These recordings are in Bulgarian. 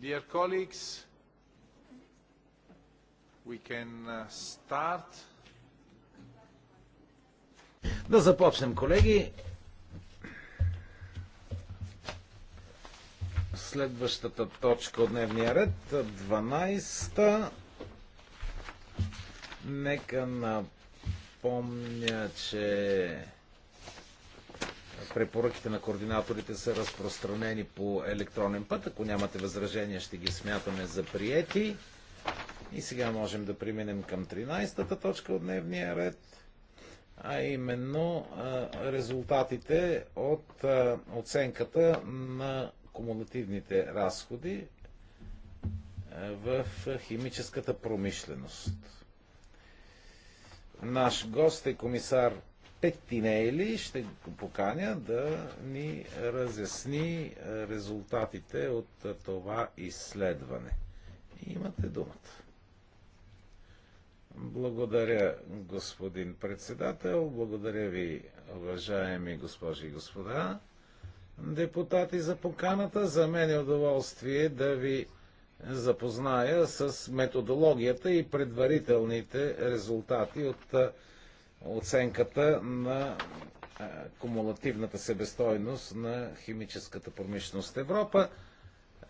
Dear colleagues, we can uh, start. Да започнем, колеги. Следващата точка от дневния ред, 12-та. Нека напомня, че препоръките на координаторите са разпространени по електронен път. Ако нямате възражения, ще ги смятаме за приети. И сега можем да преминем към 13-та точка от дневния ред, а именно резултатите от оценката на кумулативните разходи в химическата промишленост. Наш гост е комисар Петинели ще го поканя да ни разясни е, резултатите от е, това изследване. Имате думата. Благодаря, господин председател. Благодаря ви, уважаеми госпожи и господа депутати, за поканата. За мен е удоволствие да ви запозная с методологията и предварителните резултати от е, оценката на кумулативната себестойност на химическата промишленост в Европа.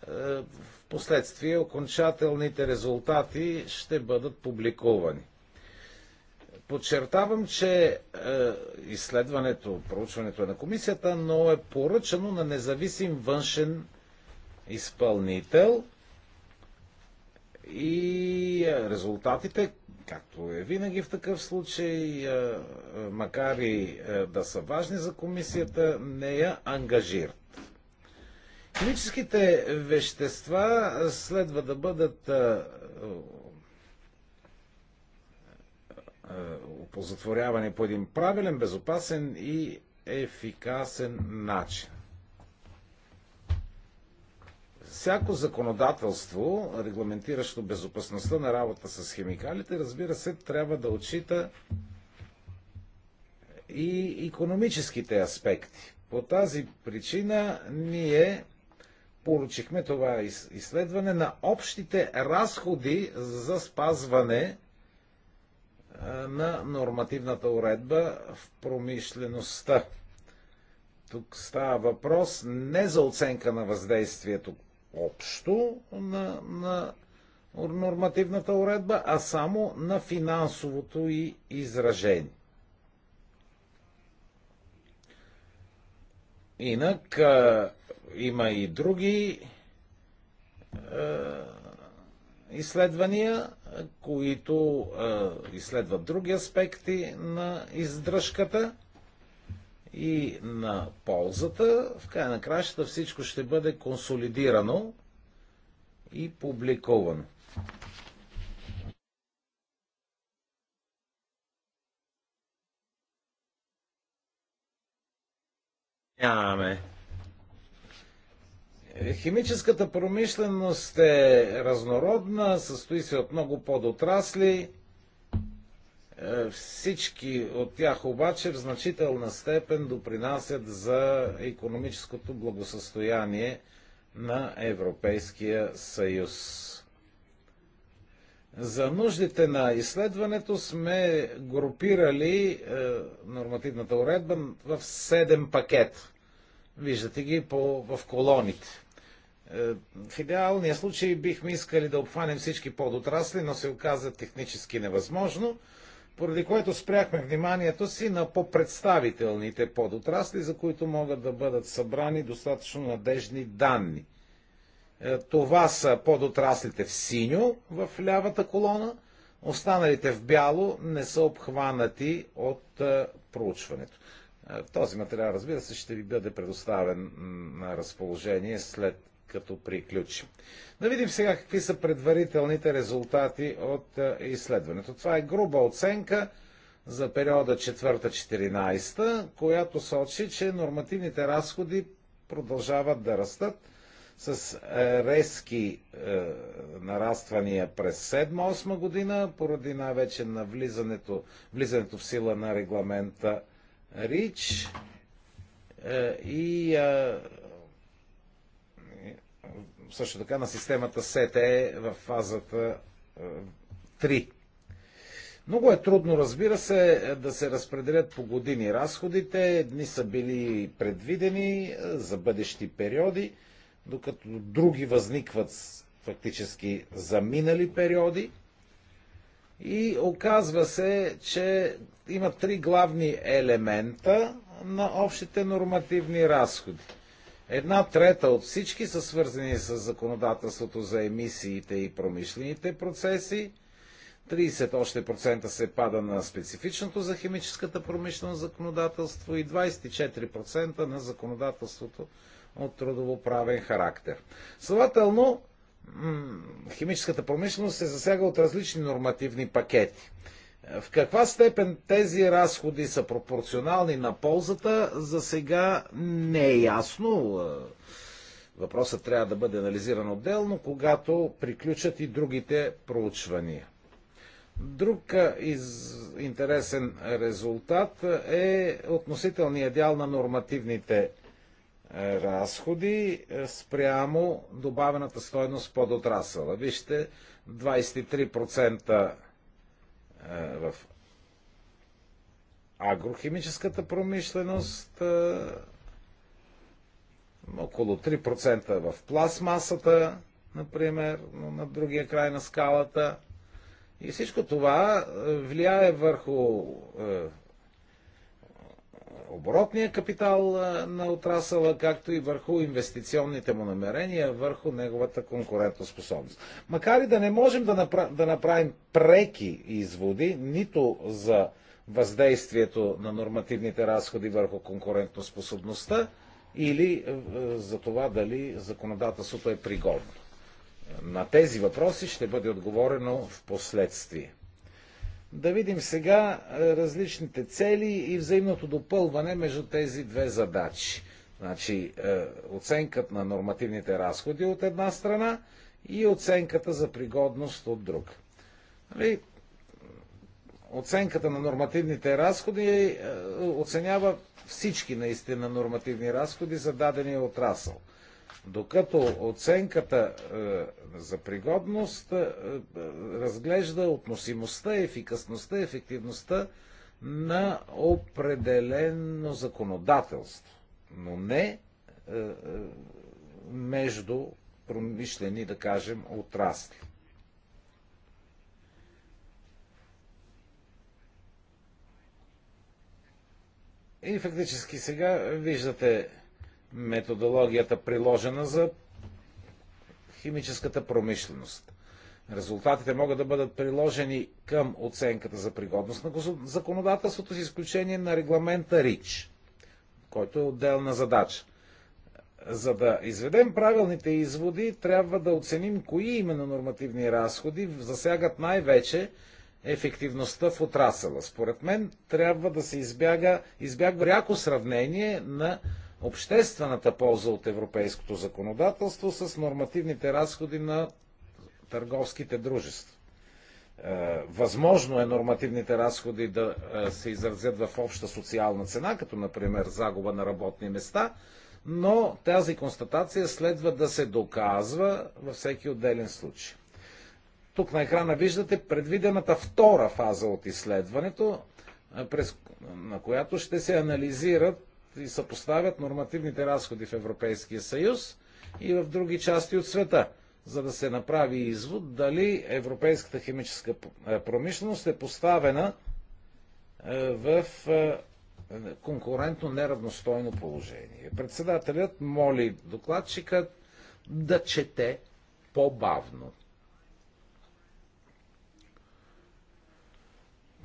В последствие окончателните резултати ще бъдат публикувани. Подчертавам, че изследването, проучването е на комисията, но е поръчано на независим външен изпълнител и резултатите, както е винаги в такъв случай, макар и да са важни за комисията, не я ангажират. Химическите вещества следва да бъдат опозотворявани по един правилен, безопасен и ефикасен начин. Всяко законодателство, регламентиращо безопасността на работа с химикалите, разбира се, трябва да отчита и економическите аспекти. По тази причина ние поручихме това изследване на общите разходи за спазване на нормативната уредба в промишлеността. Тук става въпрос не за оценка на въздействието общо на, на нормативната уредба, а само на финансовото и изражение. Инак а, има и други а, изследвания, които а, изследват други аспекти на издръжката – и на ползата. В края на кращата всичко ще бъде консолидирано и публикувано. Нямаме. Химическата промишленост е разнородна, състои се от много подотрасли е, всички от тях обаче в значителна степен допринасят за економическото благосъстояние на Европейския съюз. За нуждите на изследването сме групирали е, нормативната уредба в 7 пакет. Виждате ги по, в колоните. Е, в идеалния случай бихме искали да обхванем всички подотрасли, но се оказа технически невъзможно поради което спряхме вниманието си на по-представителните подотрасли, за които могат да бъдат събрани достатъчно надежни данни. Е, това са подотраслите в синьо в лявата колона, останалите в бяло не са обхванати от е, проучването. Е, този материал, разбира се, ще ви бъде предоставен на разположение след като приключим. Да видим сега какви са предварителните резултати от е, изследването. Това е груба оценка за периода 4-14, която сочи, че нормативните разходи продължават да растат с е, резки е, нараствания през 7-8 година, поради най-вече на влизането, влизането в сила на регламента РИЧ е, и е, също така на системата СТЕ в фазата 3. Е, Много е трудно, разбира се, да се разпределят по години разходите. Едни са били предвидени е, за бъдещи периоди, докато други възникват фактически за минали периоди. И оказва се, че има три главни елемента на общите нормативни разходи. Една трета от всички са свързани с законодателството за емисиите и промишлените процеси. 30 още процента се пада на специфичното за химическата промишлено законодателство и 24% на законодателството от трудовоправен характер. Следователно, химическата промишленост се засяга от различни нормативни пакети. В каква степен тези разходи са пропорционални на ползата, за сега не е ясно. Въпросът трябва да бъде анализиран отделно, когато приключат и другите проучвания. Друг из... интересен резултат е относителният дял на нормативните е, разходи е, спрямо добавената стойност под отрасъла. Вижте, 23% в агрохимическата промишленост, около 3% в пластмасата, например, на другия край на скалата. И всичко това влияе върху оборотния капитал на отрасъла, както и върху инвестиционните му намерения, върху неговата конкурентоспособност. Макар и да не можем да, напра... да направим преки изводи, нито за въздействието на нормативните разходи върху конкурентоспособността, или е, е, за това дали законодателството е пригодно. На тези въпроси ще бъде отговорено в последствие да видим сега е, различните цели и взаимното допълване между тези две задачи. Значи е, оценката на нормативните разходи от една страна и оценката за пригодност от друга. Нали? Оценката на нормативните разходи е, оценява всички наистина нормативни разходи за дадения отрасъл докато оценката е, за пригодност е, е, разглежда относимостта, ефикасността, ефективността на определено законодателство, но не между промишлени, да кажем, отрасли. И фактически сега виждате методологията приложена за химическата промишленост. Резултатите могат да бъдат приложени към оценката за пригодност на законодателството с изключение на регламента РИЧ, който е отделна задача. За да изведем правилните изводи, трябва да оценим кои именно нормативни разходи засягат най-вече ефективността в отрасъла. Според мен трябва да се избяга, избягва ряко сравнение на обществената полза от европейското законодателство с нормативните разходи на търговските дружества. Е, възможно е нормативните разходи да е, се изразят в обща социална цена, като например загуба на работни места, но тази констатация следва да се доказва във всеки отделен случай. Тук на екрана виждате предвидената втора фаза от изследването, е, през, на която ще се анализират и съпоставят нормативните разходи в Европейския съюз и в други части от света, за да се направи извод дали европейската химическа е, промишленост е поставена е, в е, конкурентно неравностойно положение. Председателят моли докладчика да чете по-бавно.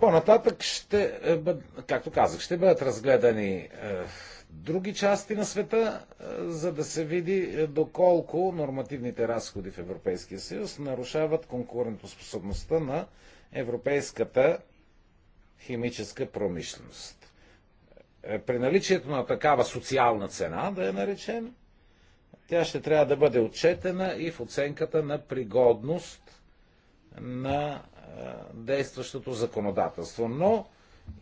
По-нататък ще, е, както казах, ще бъдат разгледани е, други части на света, е, за да се види доколко нормативните разходи в Европейския съюз нарушават конкурентоспособността на европейската химическа промишленост. При наличието на такава социална цена, да я наречем, тя ще трябва да бъде отчетена и в оценката на пригодност на действащото законодателство. Но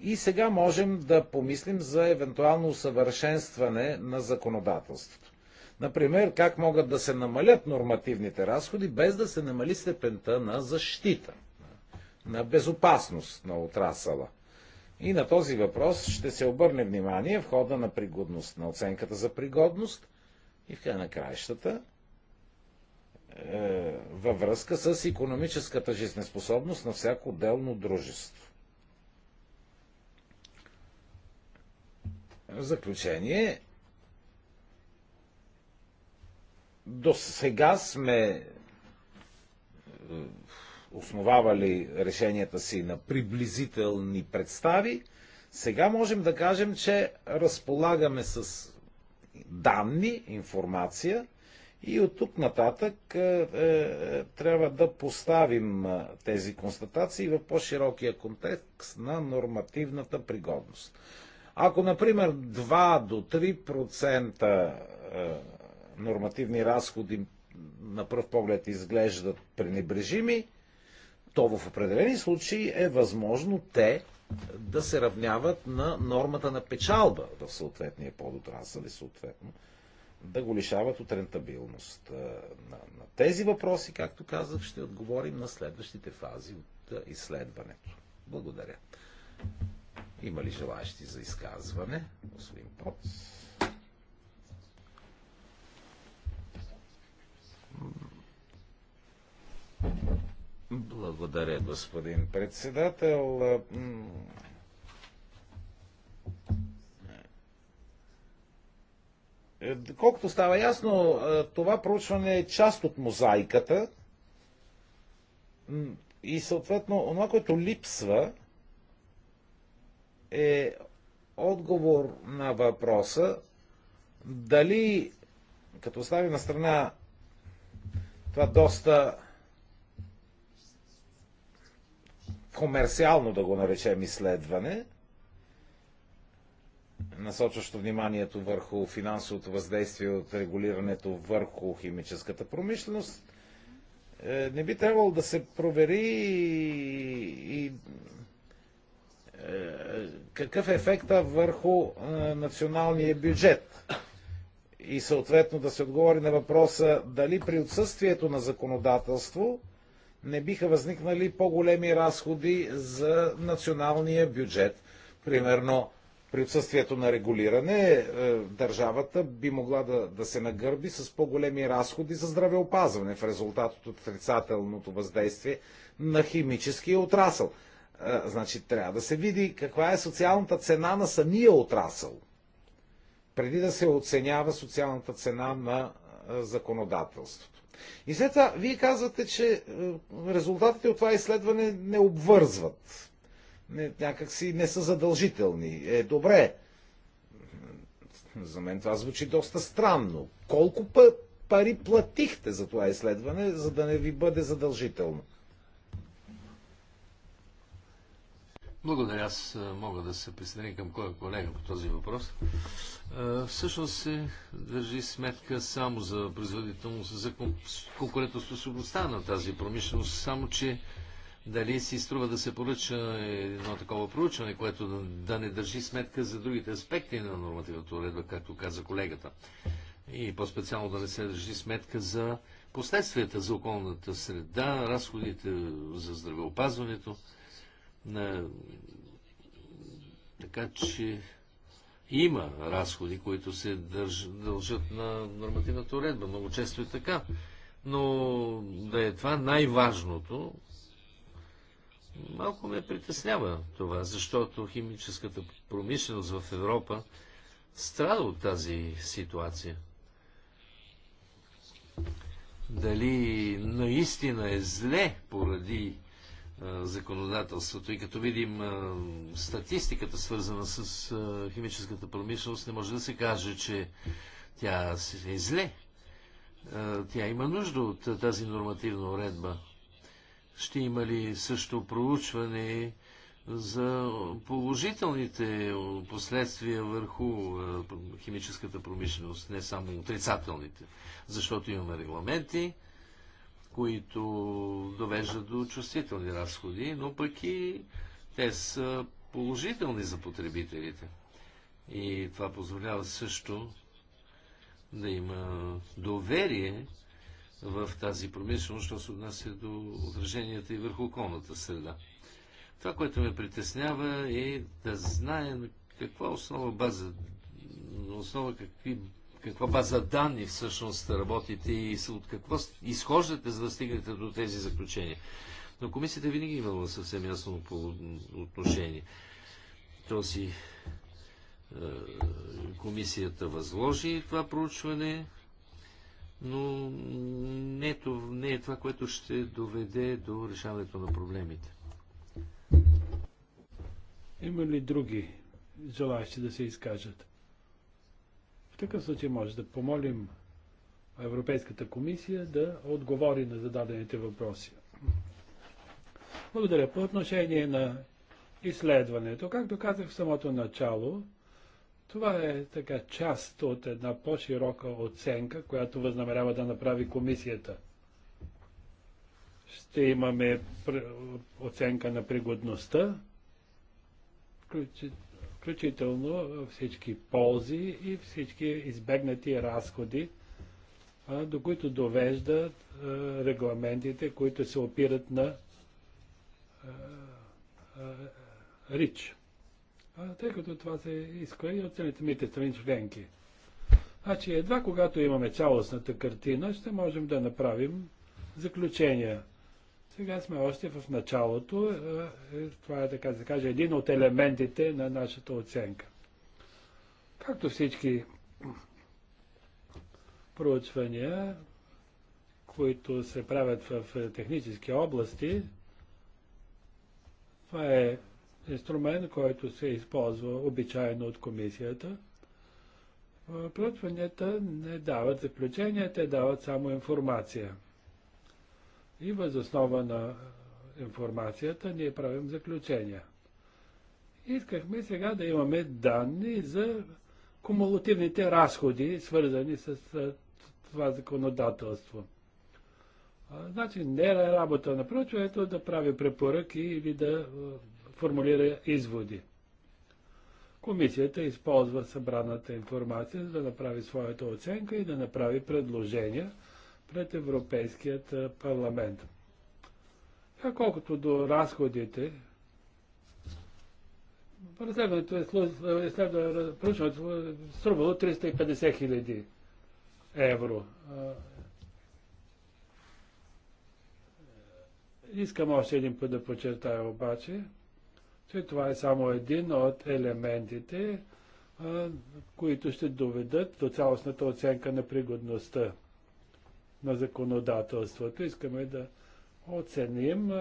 и сега можем да помислим за евентуално усъвършенстване на законодателството. Например, как могат да се намалят нормативните разходи, без да се намали степента на защита, на безопасност на отрасала. И на този въпрос ще се обърне внимание в хода на пригодност, на оценката за пригодност и в края на краищата е, във връзка с економическата жизнеспособност на всяко отделно дружество. В заключение, до сега сме е, основавали решенията си на приблизителни представи, сега можем да кажем, че разполагаме с данни, информация, и от тук нататък е, е, трябва да поставим е, тези констатации в по-широкия контекст на нормативната пригодност. Ако, например, 2 до 3% е, нормативни разходи на пръв поглед изглеждат пренебрежими, то в определени случаи е възможно те да се равняват на нормата на печалба в съответния подотрасъл и съответно да го лишават от рентабилност. На, на тези въпроси, както казах, ще отговорим на следващите фази от изследването. Благодаря. Има ли желащи за изказване? Господин Поц. Благодаря, господин председател. Колкото става ясно, това проучване е част от мозайката и съответно, това, което липсва, е отговор на въпроса дали, като стави на страна това доста комерциално, да го наречем, изследване, насочващо вниманието върху финансовото въздействие от регулирането върху химическата промишленост, е, не би трябвало да се провери и, и е, какъв е ефекта върху е, националния бюджет. И съответно да се отговори на въпроса дали при отсъствието на законодателство не биха възникнали по-големи разходи за националния бюджет. Примерно при отсъствието на регулиране е, държавата би могла да, да се нагърби с по-големи разходи за здравеопазване в резултат от отрицателното въздействие на химическия отрасъл. Е, значи трябва да се види каква е социалната цена на самия отрасъл, преди да се оценява социалната цена на е, законодателството. И след това, вие казвате, че резултатите от това изследване не обвързват Някак си не са задължителни. Е, добре. За мен това звучи доста странно. Колко пари платихте за това изследване, за да не ви бъде задължително? Благодаря. Аз е, мога да се присъединя към кой е колега по този въпрос. Е, всъщност се държи сметка само за производителност, за конкурентоспособността на тази промишленост, само че дали си струва да се поръча едно такова проучване, което да, да не държи сметка за другите аспекти на нормативната уредба, както каза колегата. И по-специално да не се държи сметка за последствията за околната среда, разходите за здравеопазването. На... Така че има разходи, които се държ... дължат на нормативната уредба. Много често е така. Но да е това най-важното, Малко ме притеснява това, защото химическата промишленост в Европа страда от тази ситуация. Дали наистина е зле поради а, законодателството и като видим а, статистиката свързана с а, химическата промишленост, не може да се каже, че тя е зле. тя има нужда от тази нормативна уредба. Ще има ли също проучване за положителните последствия върху химическата промишленост, не само отрицателните, защото имаме регламенти, които довеждат до чувствителни разходи, но пък и те са положителни за потребителите. И това позволява също да има доверие в тази промишленост, що се отнася до отраженията и върху околната среда. Това, което ме притеснява е да знаем каква основа база, основа какви, каква база данни всъщност работите и от какво изхождате, за да стигнете до тези заключения. Но комисията винаги е имала съвсем ясно по отношение. Този е, комисията възложи това проучване, но не, е не е това, което ще доведе до решаването на проблемите. Има ли други желащи да се изкажат? В такъв случай може да помолим Европейската комисия да отговори на зададените въпроси. Благодаря. По отношение на изследването, както казах в самото начало, това е така част от една по-широка оценка, която възнамерява да направи комисията. Ще имаме оценка на пригодността, включително всички ползи и всички избегнати разходи, до които довеждат регламентите, които се опират на РИЧ тъй като това се иска и от самите страни членки. Значи едва когато имаме цялостната картина, ще можем да направим заключения. Сега сме още в началото. Е, това е, така да кажа, един от елементите на нашата оценка. Както всички проучвания, които се правят в технически области, това е инструмент, който се използва обичайно от комисията. Проучванията не дават заключения, те дават само информация. И въз основа на информацията ние правим заключения. Искахме сега да имаме данни за кумулативните разходи, свързани с това законодателство. Значи не е работа на проучването да прави препоръки или да формулира изводи. Комисията използва събраната информация, за да направи своята оценка и да направи предложения пред Европейският парламент. А колкото до разходите, разследването е, е струвало 350 хиляди евро. Искам още един път да подчертая обаче, че това е само един от елементите, които ще доведат до цялостната оценка на пригодността на законодателството. Искаме да оценим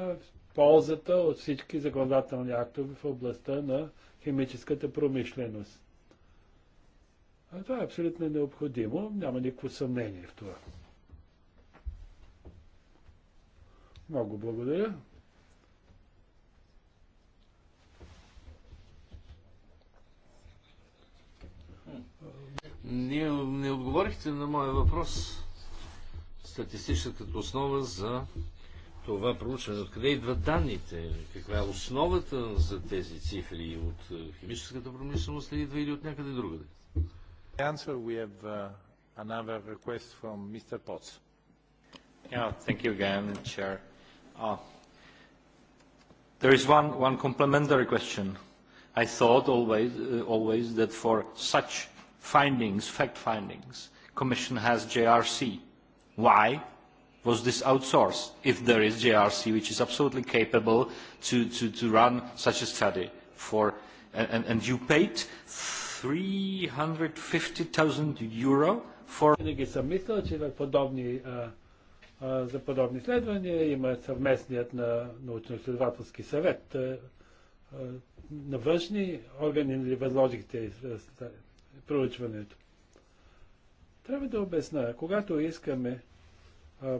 ползата от всички законодателни актове в областта на химическата промишленост. А това е абсолютно необходимо, няма никакво съмнение в това. Много благодаря. Ние не отговорихте на моя въпрос. Статистическата основа за това проучване. Откъде идват данните? Каква е основата за тези цифри? От е, химическата промишленост ли идва или от някъде другаде? answer, we have uh, another request from Mr. Potts. Yeah, thank you again, Chair. Uh, there is one, one complementary question. I thought always, uh, always that for such findings, fact findings. Commission has JRC. Why was this outsourced? If there is JRC, which is absolutely capable to, to, to run such a study for, and, and you paid 350,000 euro for... Винаги съм мислил, че подобни, а, а, за подобни изследвания има съвместният на научно-изследователски съвет. А, а, на външни органи ли възложихте проучването. Трябва да обясна, когато искаме а,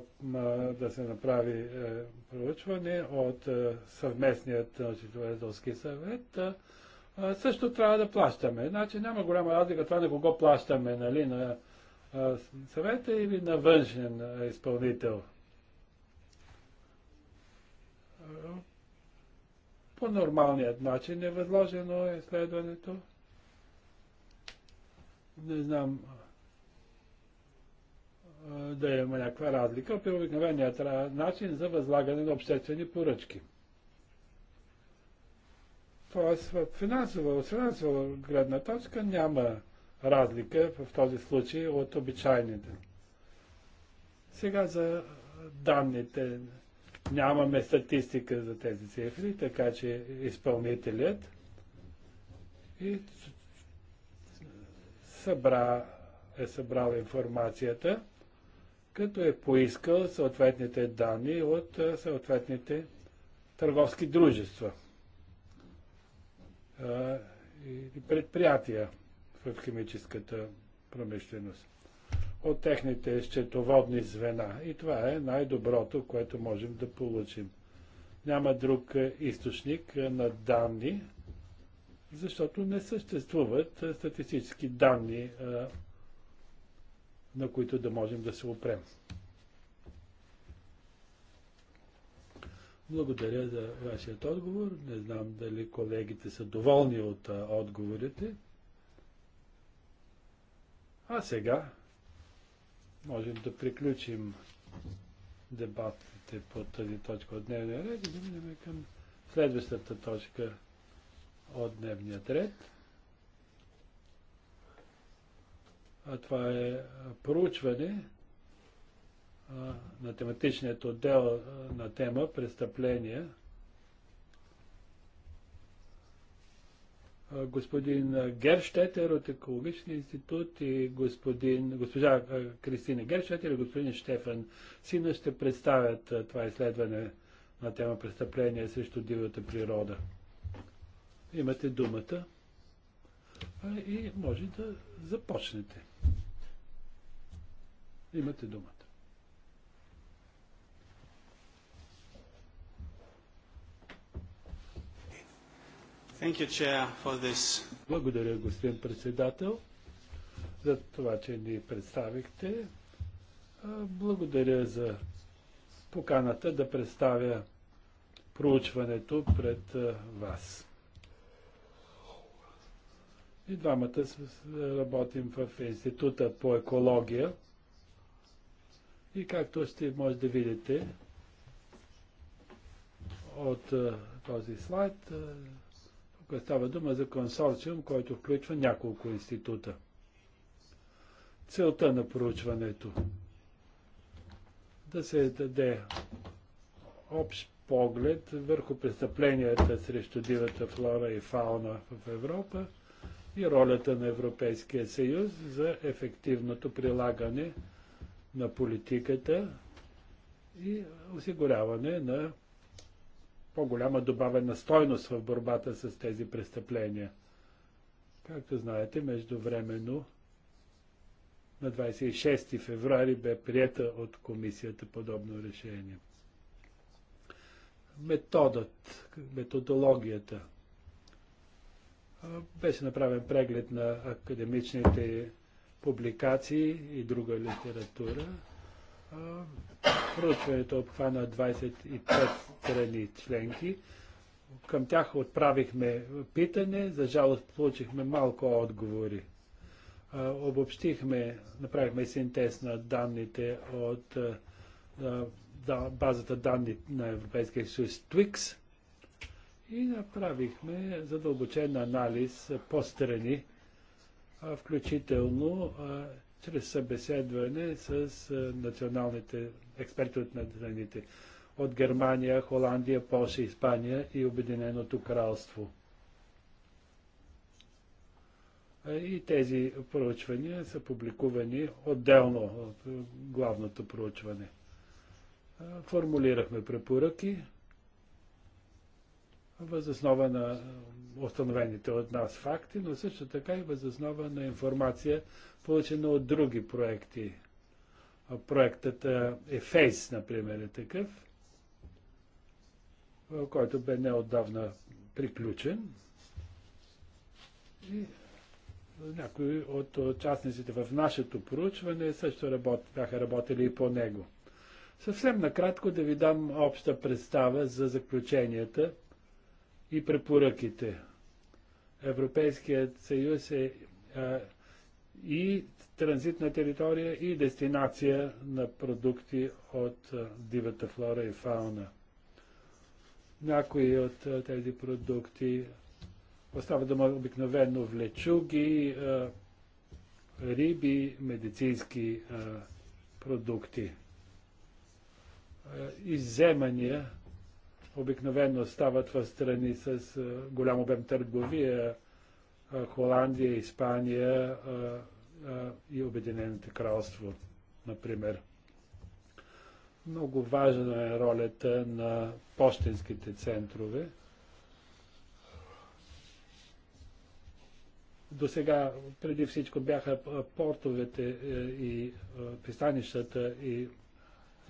да се направи а, е, проучване от а, е, съвместният научно-изследователски съвет, също трябва да плащаме. Значи няма голяма разлика това на кого плащаме, нали, на съвета или на външен изпълнител. По нормалният начин е възложено изследването не знам да има някаква разлика при обикновеният начин за възлагане на обществени поръчки. Тоест, в финансова, от финансова гледна точка няма разлика в този случай от обичайните. Сега за данните. Нямаме статистика за тези цифри, така че изпълнителят и събра, е събрал информацията, като е поискал съответните данни от е, съответните търговски дружества и предприятия в химическата промишленост от техните счетоводни звена. И това е най-доброто, което можем да получим. Няма друг е, източник е, на данни, защото не съществуват статистически данни, на които да можем да се опрем. Благодаря за вашият отговор. Не знам дали колегите са доволни от отговорите. А сега можем да приключим дебатите по тази точка от дневния ред и да минем към следващата точка от дневния ред. А това е проучване на тематичният отдел на тема престъпления. господин Герштетер от Екологичния институт и господин, госпожа Кристина Герштетер и господин Штефан Сина ще представят това изследване на тема престъпления срещу дивата природа. Имате думата и може да започнете. Имате думата. You, Благодаря, господин председател, за това, че ни представихте. Благодаря за поканата да представя проучването пред вас. И двамата работим в Института по екология. И както ще може да видите от е, този слайд, е, тук става дума за консорциум, който включва няколко института. Целта на проучването да се даде общ поглед върху престъпленията срещу дивата флора и фауна в Европа – и ролята на Европейския съюз за ефективното прилагане на политиката и осигуряване на по-голяма добавена стойност в борбата с тези престъпления. Както знаете, междувременно на 26 февруари бе прията от комисията подобно решение. Методът, методологията – беше направен преглед на академичните публикации и друга литература. Проучването обхвана 25 страни членки. Към тях отправихме питане, за жалост получихме малко отговори. Обобщихме, направихме синтез на данните от базата данни на Европейския съюз TWIX – и направихме задълбочен анализ по страни, включително чрез събеседване с националните експерти от страните от Германия, Холандия, Польша, Испания и Обединеното кралство. И тези проучвания са публикувани отделно от главното проучване. Формулирахме препоръки, възоснова на установените от нас факти, но също така и възоснова на информация, получена от други проекти. Проектът Ефейс, например, е такъв, който бе неотдавна приключен. И някои от участниците в нашето проучване също работ, бяха работили и по него. Съвсем накратко да ви дам обща представа за заключенията и препоръките. Европейският съюз е а, и транзитна територия, и дестинация на продукти от а, дивата флора и фауна. Някои от а, тези продукти остават дума обикновено в лечуги, а, риби, медицински а, продукти. Изземания обикновено стават в страни с голям обем търговия Холандия, Испания и Обединените кралство, например. Много важна е ролята на почтенските центрове. До сега преди всичко бяха портовете и пристанищата и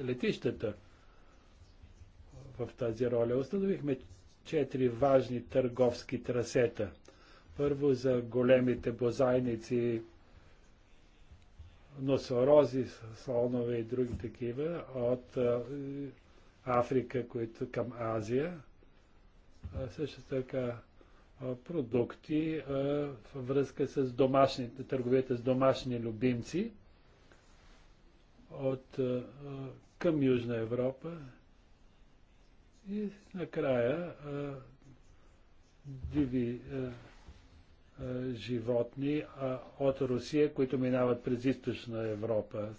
летищата – в тази роля. Установихме четири важни търговски трасета. Първо за големите бозайници, носорози, слонове и други такива от Африка които, към Азия. също така продукти във връзка с домашните, търговията с домашни любимци от, към Южна Европа и накрая а, диви а, а, животни а, от Русия, които минават през източна Европа.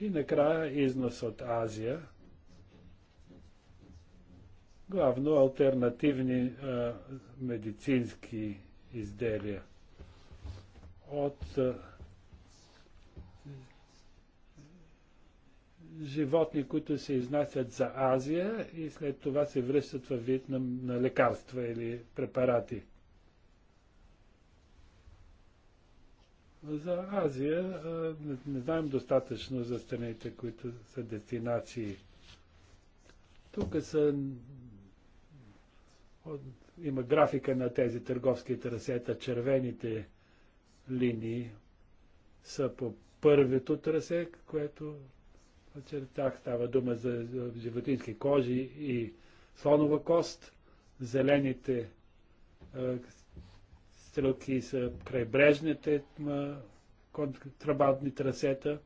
И накрая износ от Азия. Главно альтернативни а, медицински изделия. От а, животни, които се изнасят за Азия и след това се връщат във вид на, на лекарства или препарати. За Азия не, не знаем достатъчно за страните, които са дестинации. Тук са, от, има графика на тези търговски трасета. Червените линии са по първото трасе, което Очертах става дума за животински кожи и слонова кост. Зелените е, стрелки са крайбрежните контрабандни трасета.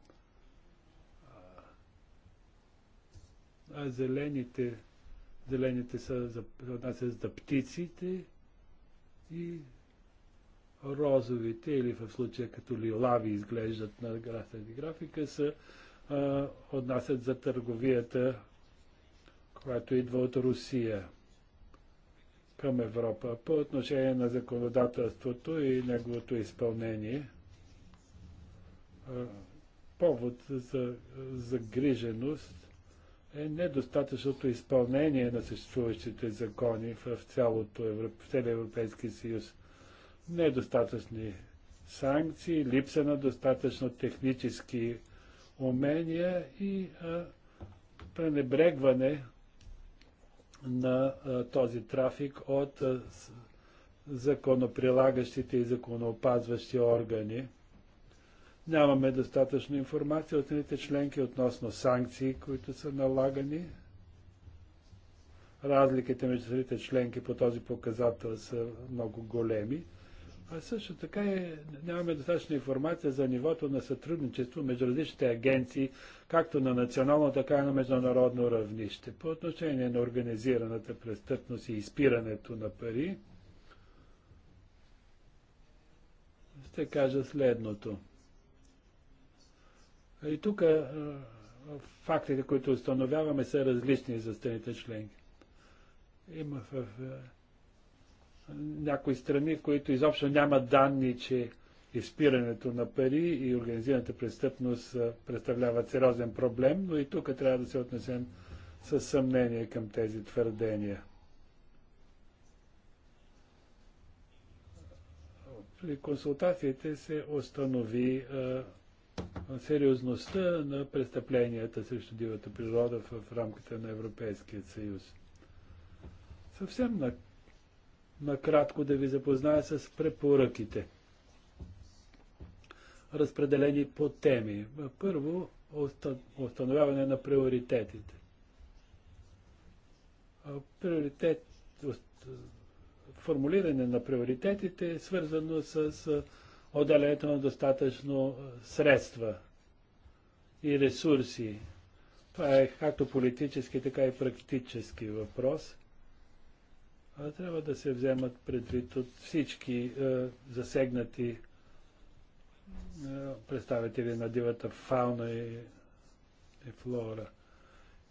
А зелените, зелените са за, отнасят за птиците и розовите, или в случая като лилави изглеждат на графика, са отнасят за търговията, която идва от Русия към Европа по отношение на законодателството и неговото изпълнение. Повод за загриженост е недостатъчното изпълнение на съществуващите закони в, цялото Европ... целия Европейски съюз. Недостатъчни санкции, липса на достатъчно технически умения и а, пренебрегване на а, този трафик от а, законоприлагащите и законоопазващи органи. Нямаме достатъчно информация от едните членки относно санкции, които са налагани. Разликите между страните членки по този показател са много големи. А също така е, нямаме достатъчно информация за нивото на сътрудничество между различните агенции, както на национално, така и на международно равнище. По отношение на организираната престъпност и изпирането на пари, ще кажа следното. И тук фактите, които установяваме, са различни за страните членки. Има в някои страни, които изобщо нямат данни, че изпирането на пари и организираната престъпност представляват сериозен проблем, но и тук трябва да се отнесем с съмнение към тези твърдения. При консултациите се установи а, сериозността на престъпленията срещу дивата природа в, в рамките на Европейския съюз. Съвсем на накратко да ви запозная с препоръките, разпределени по теми. Първо, установяване на приоритетите. Приоритет, формулиране на приоритетите е свързано с отделянето на достатъчно средства и ресурси. Това е както политически, така и практически въпрос – трябва да се вземат предвид от всички е, засегнати е, представители на дивата фауна и, и флора.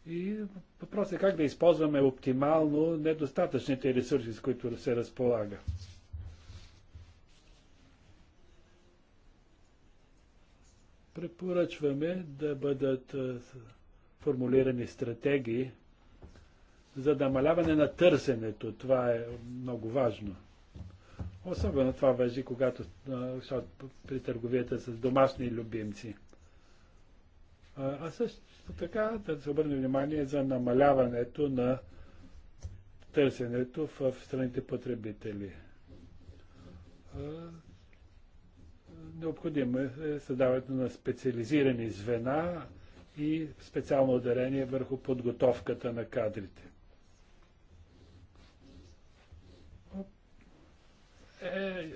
И въпросът е как да използваме оптимално недостатъчните ресурси, с които се разполага. Препоръчваме да бъдат е, формулирани стратегии за намаляване на търсенето. Това е много важно. Особено това въжи, когато при търговията с домашни любимци. А също така да се обърне внимание за намаляването на търсенето в страните потребители. Необходимо е създаването на специализирани звена и специално ударение върху подготовката на кадрите. Е,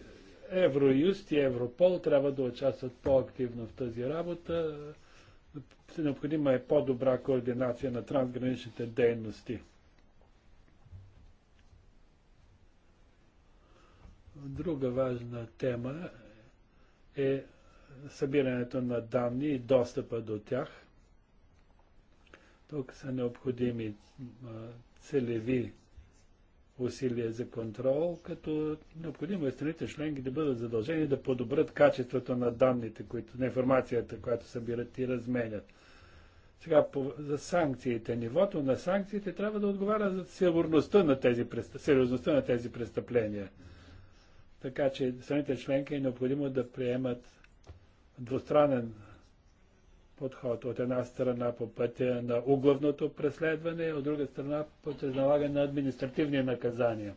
Евроюст и Европол трябва да участват по-активно в тази работа. Необходима е по-добра координация на трансграничните дейности. Друга важна тема е събирането на данни и достъпа до тях. Тук са необходими целеви усилия за контрол, като необходимо е страните членки да бъдат задължени да подобрят качеството на данните, които, на информацията, която събират и разменят. Сега по, за санкциите. Нивото на санкциите трябва да отговаря за сериозността на тези, сериозността на тези престъпления. Така че страните членки е необходимо да приемат двустранен подход. От една страна по пътя на углавното преследване, от друга страна по налагане на административни наказания.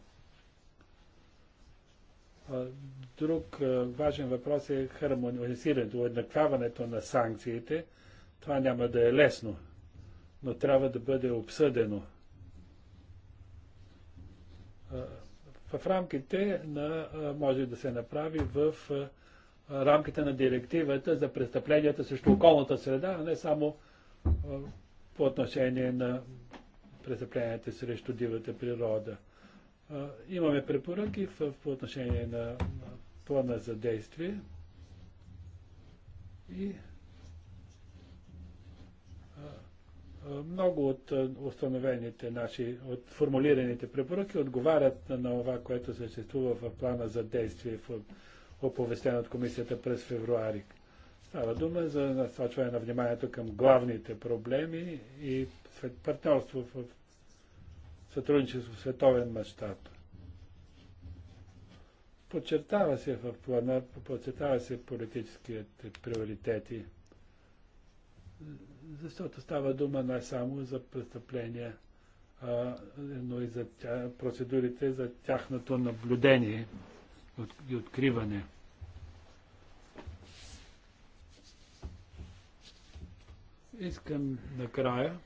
Друг важен въпрос е хармонизирането, уеднаквяването на санкциите. Това няма да е лесно, но трябва да бъде обсъдено. В рамките на, може да се направи в рамките на директивата за престъпленията срещу околната среда, а не само по отношение на престъпленията срещу дивата природа. Имаме препоръки в, по отношение на плана за действие и много от установените наши, от формулираните препоръки отговарят на това, което съществува в плана за действие в Оповестен от комисията през февруари. Става дума за насочване на вниманието към главните проблеми и партньорство в сътрудничество в световен мащаб. Подчертава се в плана, подчертава се политическият приоритети, защото става дума не само за престъпления, а, но и за тя, процедурите за тяхното наблюдение и откриване. Искам накрая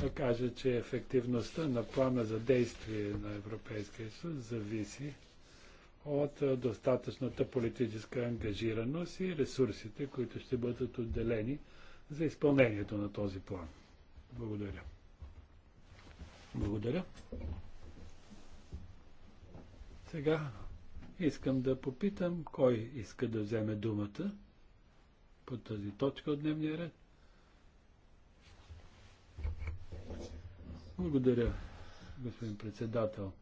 да кажа, че ефективността на плана за действие на Европейския съюз зависи от достатъчната политическа ангажираност и ресурсите, които ще бъдат отделени за изпълнението на този план. Благодаря. Благодаря. Сега искам да попитам кой иска да вземе думата по тази точка от дневния ред. Благодаря, господин председател.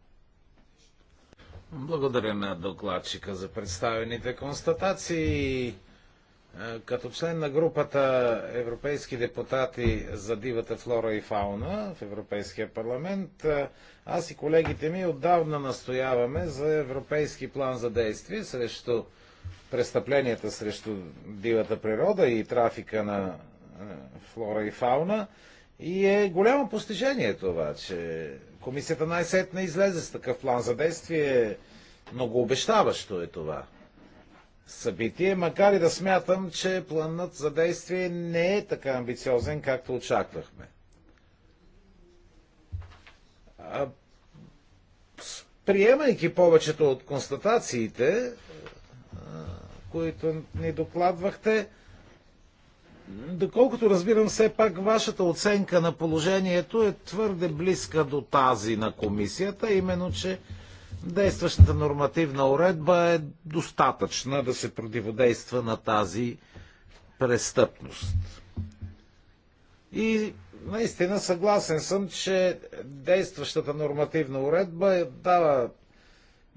Благодаря на докладчика за представените констатации. Е, като член на групата Европейски депутати за дивата флора и фауна в Европейския парламент, е, аз и колегите ми отдавна настояваме за европейски план за действие срещу престъпленията срещу дивата природа и трафика на е, флора и фауна. И е голямо постижение това, че комисията най-сетне излезе с такъв план за действие. Многообещаващо е това събитие, макар и да смятам, че планът за действие не е така амбициозен, както очаквахме. Приемайки повечето от констатациите, които ни докладвахте, доколкото разбирам, все пак вашата оценка на положението е твърде близка до тази на комисията, именно, че Действащата нормативна уредба е достатъчна да се противодейства на тази престъпност. И наистина съгласен съм, че действащата нормативна уредба дава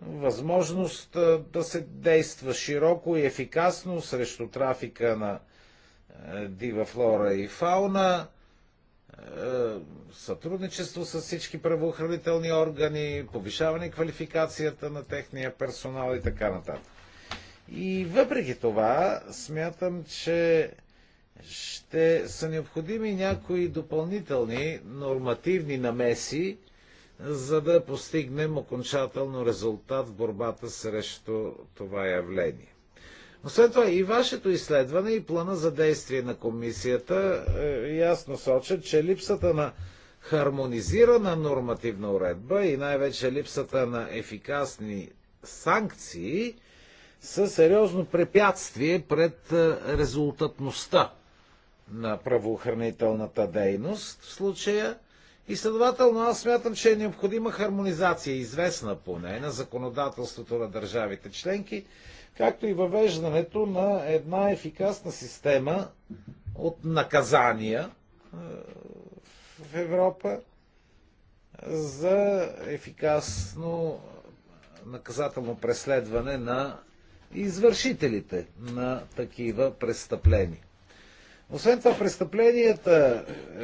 възможност да се действа широко и ефикасно срещу трафика на дива флора и фауна, е, сътрудничество с всички правоохранителни органи, повишаване квалификацията на техния персонал и така нататък. И въпреки това, смятам, че ще са необходими някои допълнителни нормативни намеси, за да постигнем окончателно резултат в борбата срещу това явление. Но след това и вашето изследване и плана за действие на комисията е, ясно сочат, че липсата на хармонизирана нормативна уредба и най-вече липсата на ефикасни санкции са сериозно препятствие пред е, резултатността на правоохранителната дейност в случая. И следователно аз смятам, че е необходима хармонизация, известна поне, на законодателството на държавите членки както и въвеждането на една ефикасна система от наказания е, в Европа за ефикасно наказателно преследване на извършителите на такива престъпления. Освен това, престъпленията е,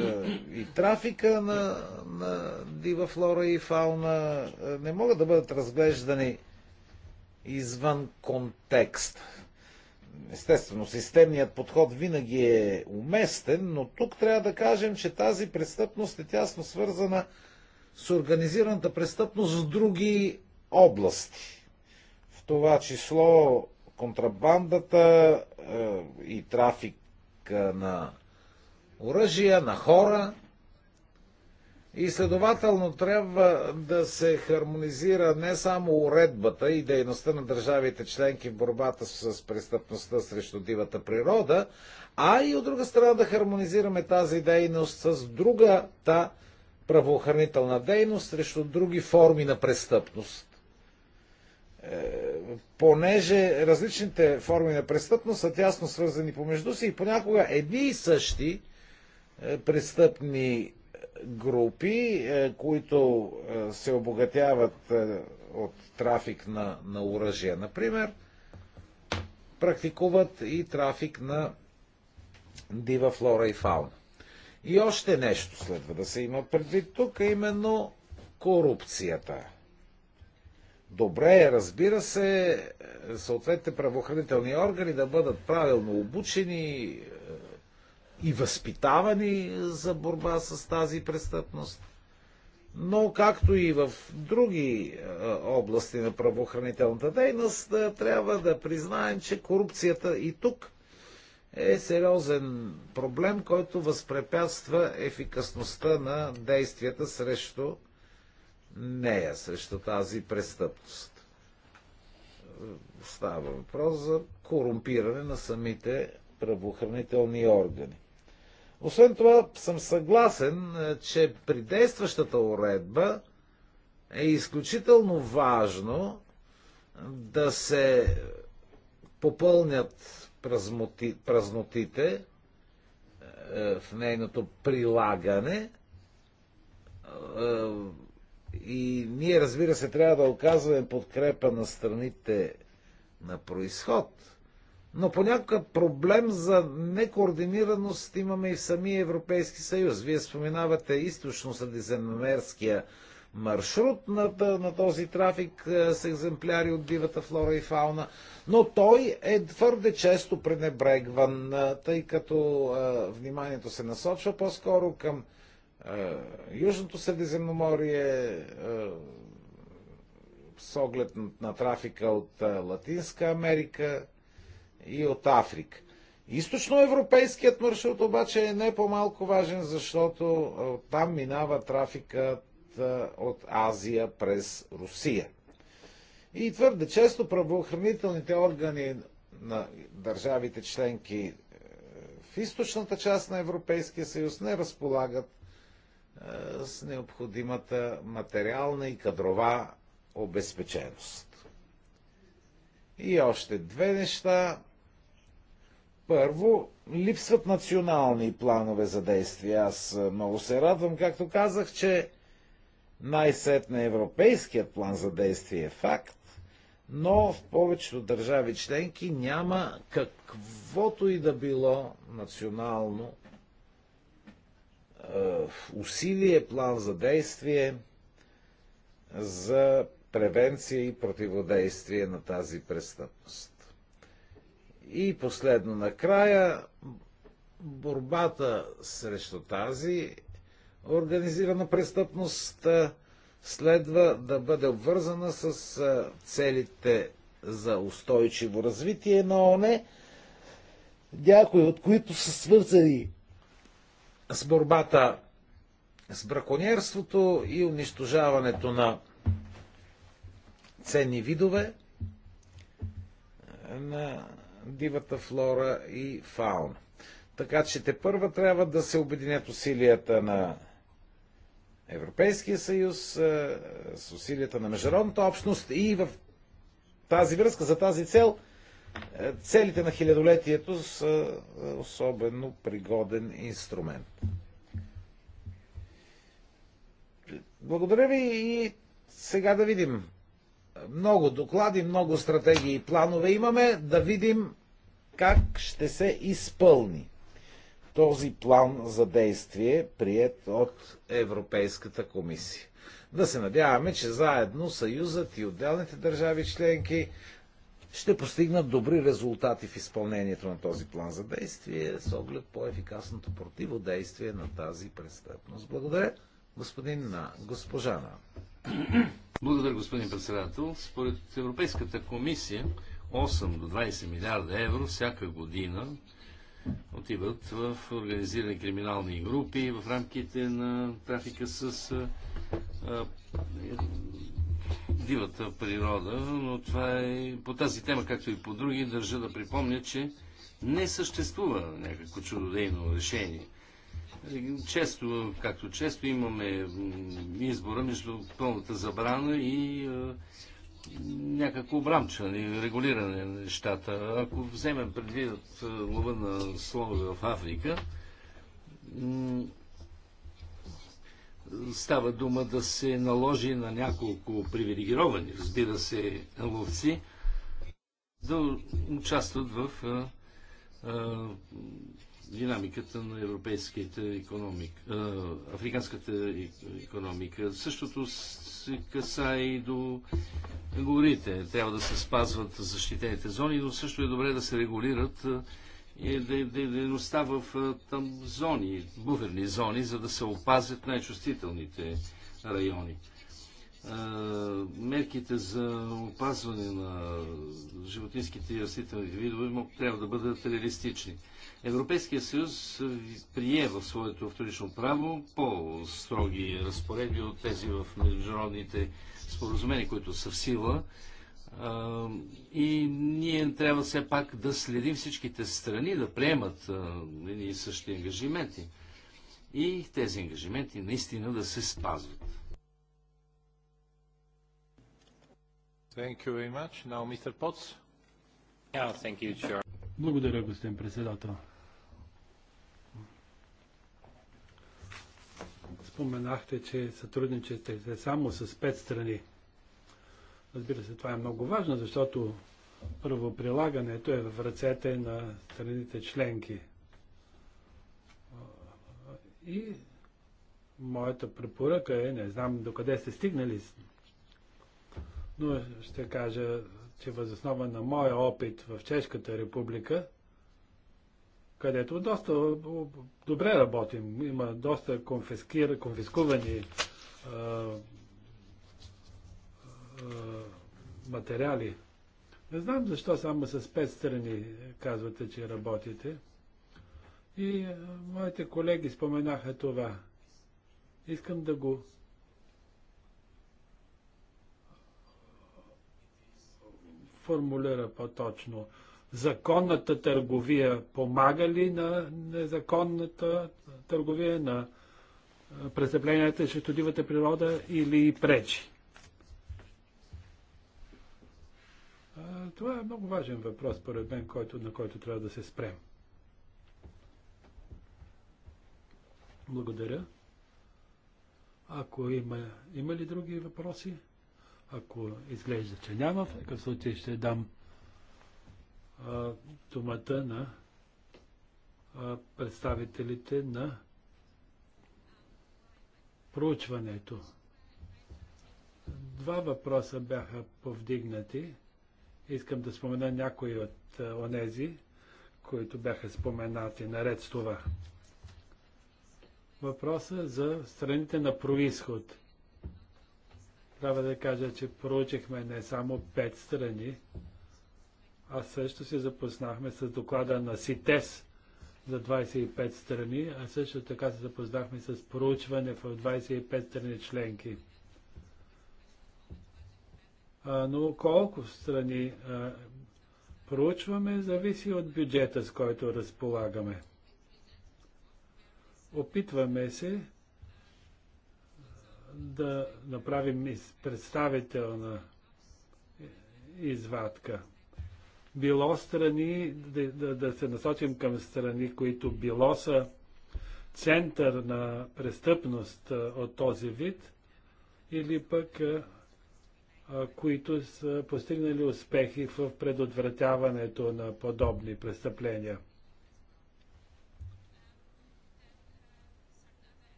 и трафика на, на дива флора и фауна е, не могат да бъдат разглеждани извън контекст. Естествено, системният подход винаги е уместен, но тук трябва да кажем, че тази престъпност е тясно свързана с организираната престъпност в други области. В това число контрабандата е, и трафик на оръжия, на хора – и следователно трябва да се хармонизира не само уредбата и дейността на държавите членки в борбата с престъпността срещу дивата природа, а и от друга страна да хармонизираме тази дейност с другата правоохранителна дейност срещу други форми на престъпност. Е, понеже различните форми на престъпност са тясно свързани помежду си и понякога едни и същи е, престъпни групи, е, които е, се обогатяват е, от трафик на, на уражие, например, практикуват и трафик на дива флора и фауна. И още нещо следва да се има предвид тук, а именно корупцията. Добре е, разбира се, съответните правоохранителни органи да бъдат правилно обучени, и възпитавани за борба с тази престъпност. Но, както и в други е, области на правоохранителната дейност, е, трябва да признаем, че корупцията и тук е сериозен проблем, който възпрепятства ефикасността на действията срещу нея, срещу тази престъпност. Става въпрос за корумпиране на самите правоохранителни органи. Освен това, съм съгласен, е, че при действащата уредба е изключително важно да се попълнят празноти, празнотите е, в нейното прилагане. Е, и ние, разбира се, трябва да оказваме подкрепа на страните на происход – но понякога проблем за некоординираност имаме и в самия Европейски съюз. Вие споменавате източно-средиземномерския маршрут на, на този трафик е, с екземпляри от дивата флора и фауна, но той е твърде често пренебрегван, е, тъй като е, вниманието се насочва по-скоро към е, Южното Средиземноморие е, с оглед на, на трафика от е, Латинска Америка, и от Африка. Източноевропейският маршрут обаче е не по-малко важен, защото там минава трафикът от Азия през Русия. И твърде често правоохранителните органи на държавите членки е, в източната част на Европейския съюз не разполагат е, с необходимата материална и кадрова обезпеченост. И още две неща първо, липсват национални планове за действие. Аз много се радвам, както казах, че най-сетне европейският план за действие е факт, но в повечето държави членки няма каквото и да било национално усилие, план за действие за превенция и противодействие на тази престъпност. И последно накрая, борбата срещу тази организирана престъпност следва да бъде обвързана с целите за устойчиво развитие на ОНЕ, някои от които са свързани с борбата с браконьерството и унищожаването на ценни видове на дивата флора и фауна. Така че те първа трябва да се обединят усилията на Европейския съюз, с усилията на международната общност и в тази връзка, за тази цел, целите на хилядолетието са особено пригоден инструмент. Благодаря ви и сега да видим много доклади, много стратегии и планове имаме, да видим как ще се изпълни този план за действие, прият от Европейската комисия. Да се надяваме, че заедно Съюзът и отделните държави членки ще постигнат добри резултати в изпълнението на този план за действие с оглед по-ефикасното противодействие на тази престъпност. Благодаря, господин на госпожа благодаря, господин председател. Според Европейската комисия, 8 до 20 милиарда евро всяка година отиват в организирани криминални групи в рамките на трафика с а, дивата природа, но това е по тази тема, както и по други, държа да припомня, че не съществува някакво чудодейно решение. Често, както често, имаме избора между пълната забрана и някакво обрамчване, нали, регулиране на нещата. Ако вземем предвид лова на слове в Африка, става дума да се наложи на няколко привилегировани, разбира се, ловци, да участват в динамиката на европейската економика, е, африканската економика. Същото се каса и до горите. Трябва да се спазват защитените зони, но също е добре да се регулират и е, дейността в там зони, буферни зони, за да се опазят най-чувствителните райони мерките за опазване на животинските и растителните видове трябва да бъдат реалистични. Европейския съюз прие в своето вторично право по-строги разпоредби от тези в международните споразумения, които са в сила. И ние трябва все пак да следим всичките страни, да приемат едни и същи ангажименти. И тези ангажименти наистина да се спазват. Thank you very much. Now, Mr. Potts. Yeah, thank you, Благодаря, господин председател. Споменахте, че сътрудничате само с пет страни. Разбира се, това е много важно, защото прилагането е в ръцете на страните членки. И моята препоръка е, не знам до къде сте стигнали, но ще кажа, че възоснова на моя опит в Чешката република, където доста добре работим. Има доста конфискувани а, а, материали. Не знам защо само с пет страни казвате, че работите. И а, моите колеги споменаха това. Искам да го формулира по-точно законната търговия помага ли на незаконната търговия, на престъпленията срещу дивата природа или пречи? Това е много важен въпрос, според мен, който, на който трябва да се спрем. Благодаря. Ако има, има ли други въпроси? Ако изглежда, че няма, в такъв случай ще дам думата на представителите на проучването. Два въпроса бяха повдигнати. Искам да спомена някои от онези, които бяха споменати наред с това. Въпроса за страните на происход – трябва да кажа, че проучихме не само пет страни, аз също се запознахме с доклада на СИТЕС за 25 страни, а също така се запознахме с проучване в 25 страни членки. А, но колко страни а, проучваме, зависи от бюджета, с който разполагаме. Опитваме се да направим представителна е, извадка било страни, да, да, да се насочим към страни, които било са център на престъпност от този вид, или пък които са постигнали успехи в предотвратяването на подобни престъпления.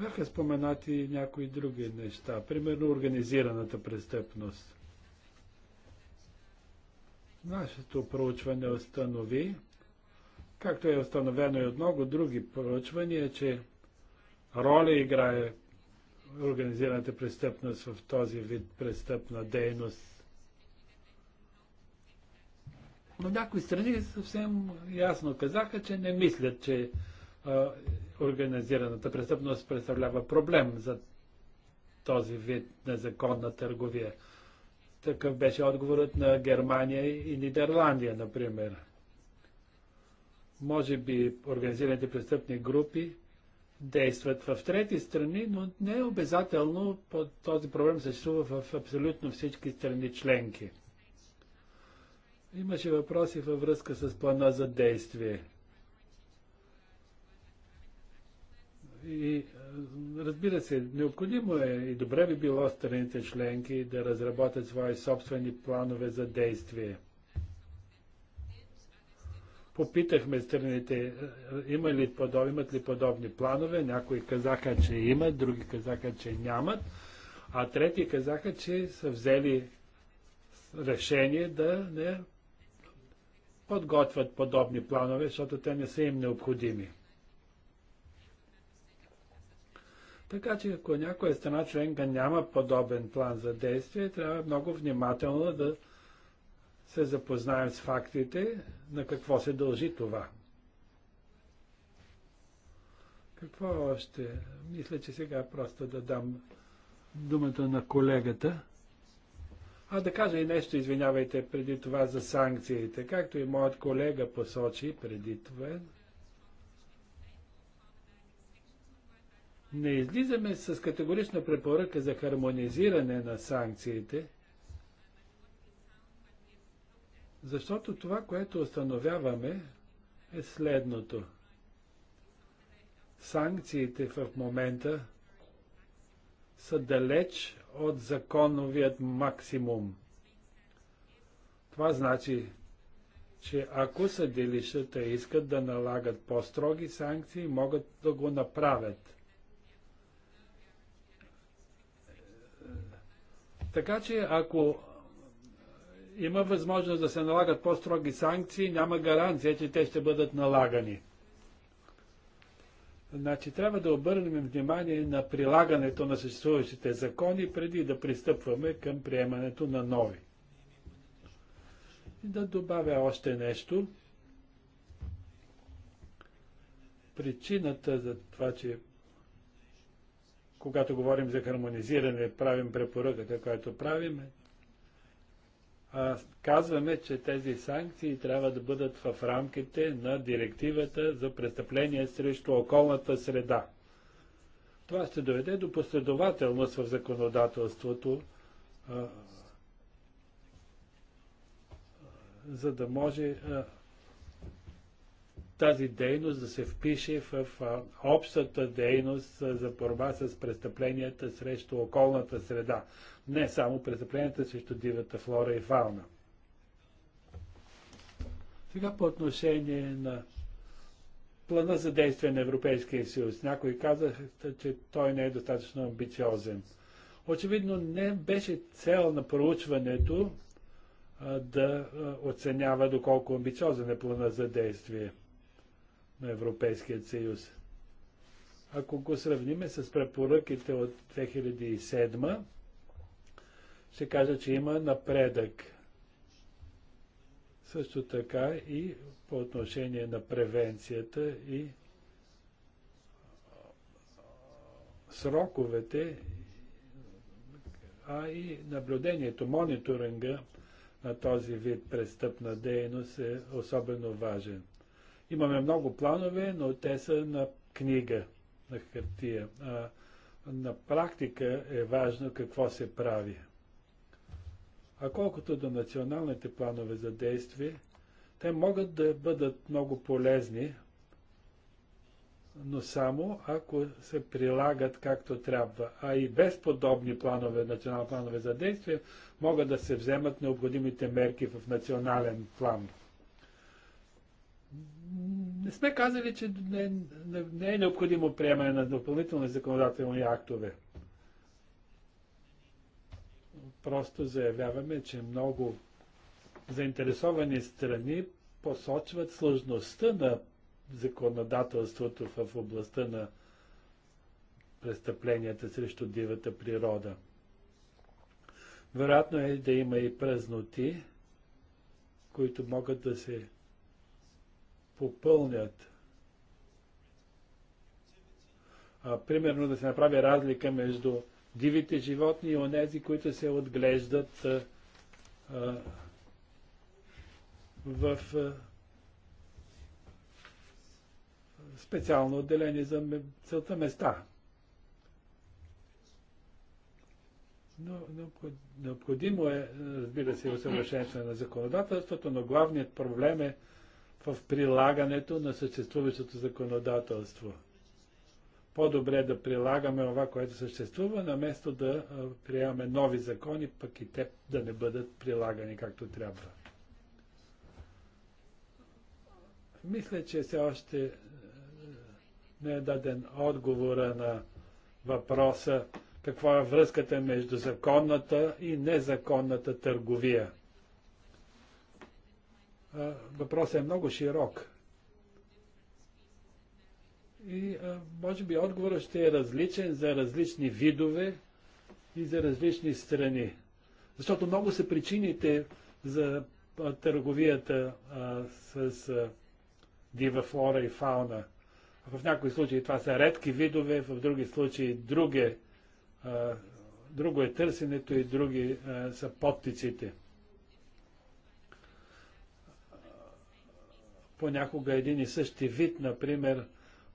Бяха споменати някои други неща, примерно организираната престъпност. Нашето проучване установи, както е установено и от много други проучвания, че роля играе организираната престъпност в този вид престъпна дейност. Но някои страни съвсем ясно казаха, че не мислят, че а, организираната престъпност представлява проблем за този вид незаконна търговия. Такъв беше отговорът на Германия и Нидерландия, например. Може би организираните престъпни групи действат в трети страни, но не е обязателно този проблем съществува в абсолютно всички страни членки. Имаше въпроси във връзка с плана за действие. И Разбира се, необходимо е и добре би било страните членки да разработят свои собствени планове за действие. Попитахме страните, е, има ли подоб, имат ли подобни планове. Някои казаха, че имат, други казаха, че нямат, а трети казаха, че са взели решение да не подготвят подобни планове, защото те не са им необходими. Така че ако някоя страна членка няма подобен план за действие, трябва много внимателно да се запознаем с фактите, на какво се дължи това. Какво още? Мисля, че сега просто да дам думата на колегата. А да кажа и нещо, извинявайте, преди това за санкциите. Както и моят колега посочи преди това, не излизаме с категорична препоръка за хармонизиране на санкциите, защото това, което установяваме, е следното. Санкциите в момента са далеч от законовият максимум. Това значи, че ако съдилищата искат да налагат по-строги санкции, могат да го направят. Така че ако има възможност да се налагат по-строги санкции, няма гаранция, че те ще бъдат налагани. Значи трябва да обърнем внимание на прилагането на съществуващите закони, преди да пристъпваме към приемането на нови. И да добавя още нещо. Причината за това, че когато говорим за хармонизиране, правим препоръката, която правим, а, казваме, че тези санкции трябва да бъдат в рамките на директивата за престъпление срещу околната среда. Това ще доведе до последователност в законодателството, а, за да може а, тази дейност да се впише в общата дейност за борба с престъпленията срещу околната среда, не само престъпленията срещу дивата флора и фауна. Сега по отношение на плана за действие на Европейския съюз. някои казаха, че той не е достатъчно амбициозен. Очевидно не беше цел на проучването да оценява доколко амбициозен е плана за действие на Европейския съюз. Ако го сравниме с препоръките от 2007, ще кажа, че има напредък. Също така и по отношение на превенцията и сроковете, а и наблюдението, мониторинга на този вид престъпна дейност е особено важен. Имаме много планове, но те са на книга, на хартия. А, на практика е важно какво се прави. А колкото до националните планове за действие, те могат да бъдат много полезни, но само ако се прилагат както трябва. А и без подобни планове, национални планове за действие, могат да се вземат необходимите мерки в национален план. Не сме казали, че не, не, не е необходимо приемане на допълнителни законодателни актове. Просто заявяваме, че много заинтересовани страни посочват сложността на законодателството в областта на престъпленията срещу дивата природа. Вероятно е да има и празноти, които могат да се попълнят. А, примерно да се направи разлика между дивите животни и онези, които се отглеждат а, а, в а, специално отделение за целта места. Но, необходимо е, разбира се, усъвършенстване на законодателството, но главният проблем е в прилагането на съществуващото законодателство. По-добре да прилагаме това, което съществува, наместо да приемаме нови закони, пък и те да не бъдат прилагани както трябва. Мисля, че все още не е даден отговора на въпроса каква е връзката между законната и незаконната търговия въпросът е много широк. И може би отговорът ще е различен за различни видове и за различни страни. Защото много са причините за търговията а, с а, дива флора и фауна. В някои случаи това са редки видове, в други случаи друге, а, друго е търсенето и други а, са подтиците. понякога един и същи вид, например,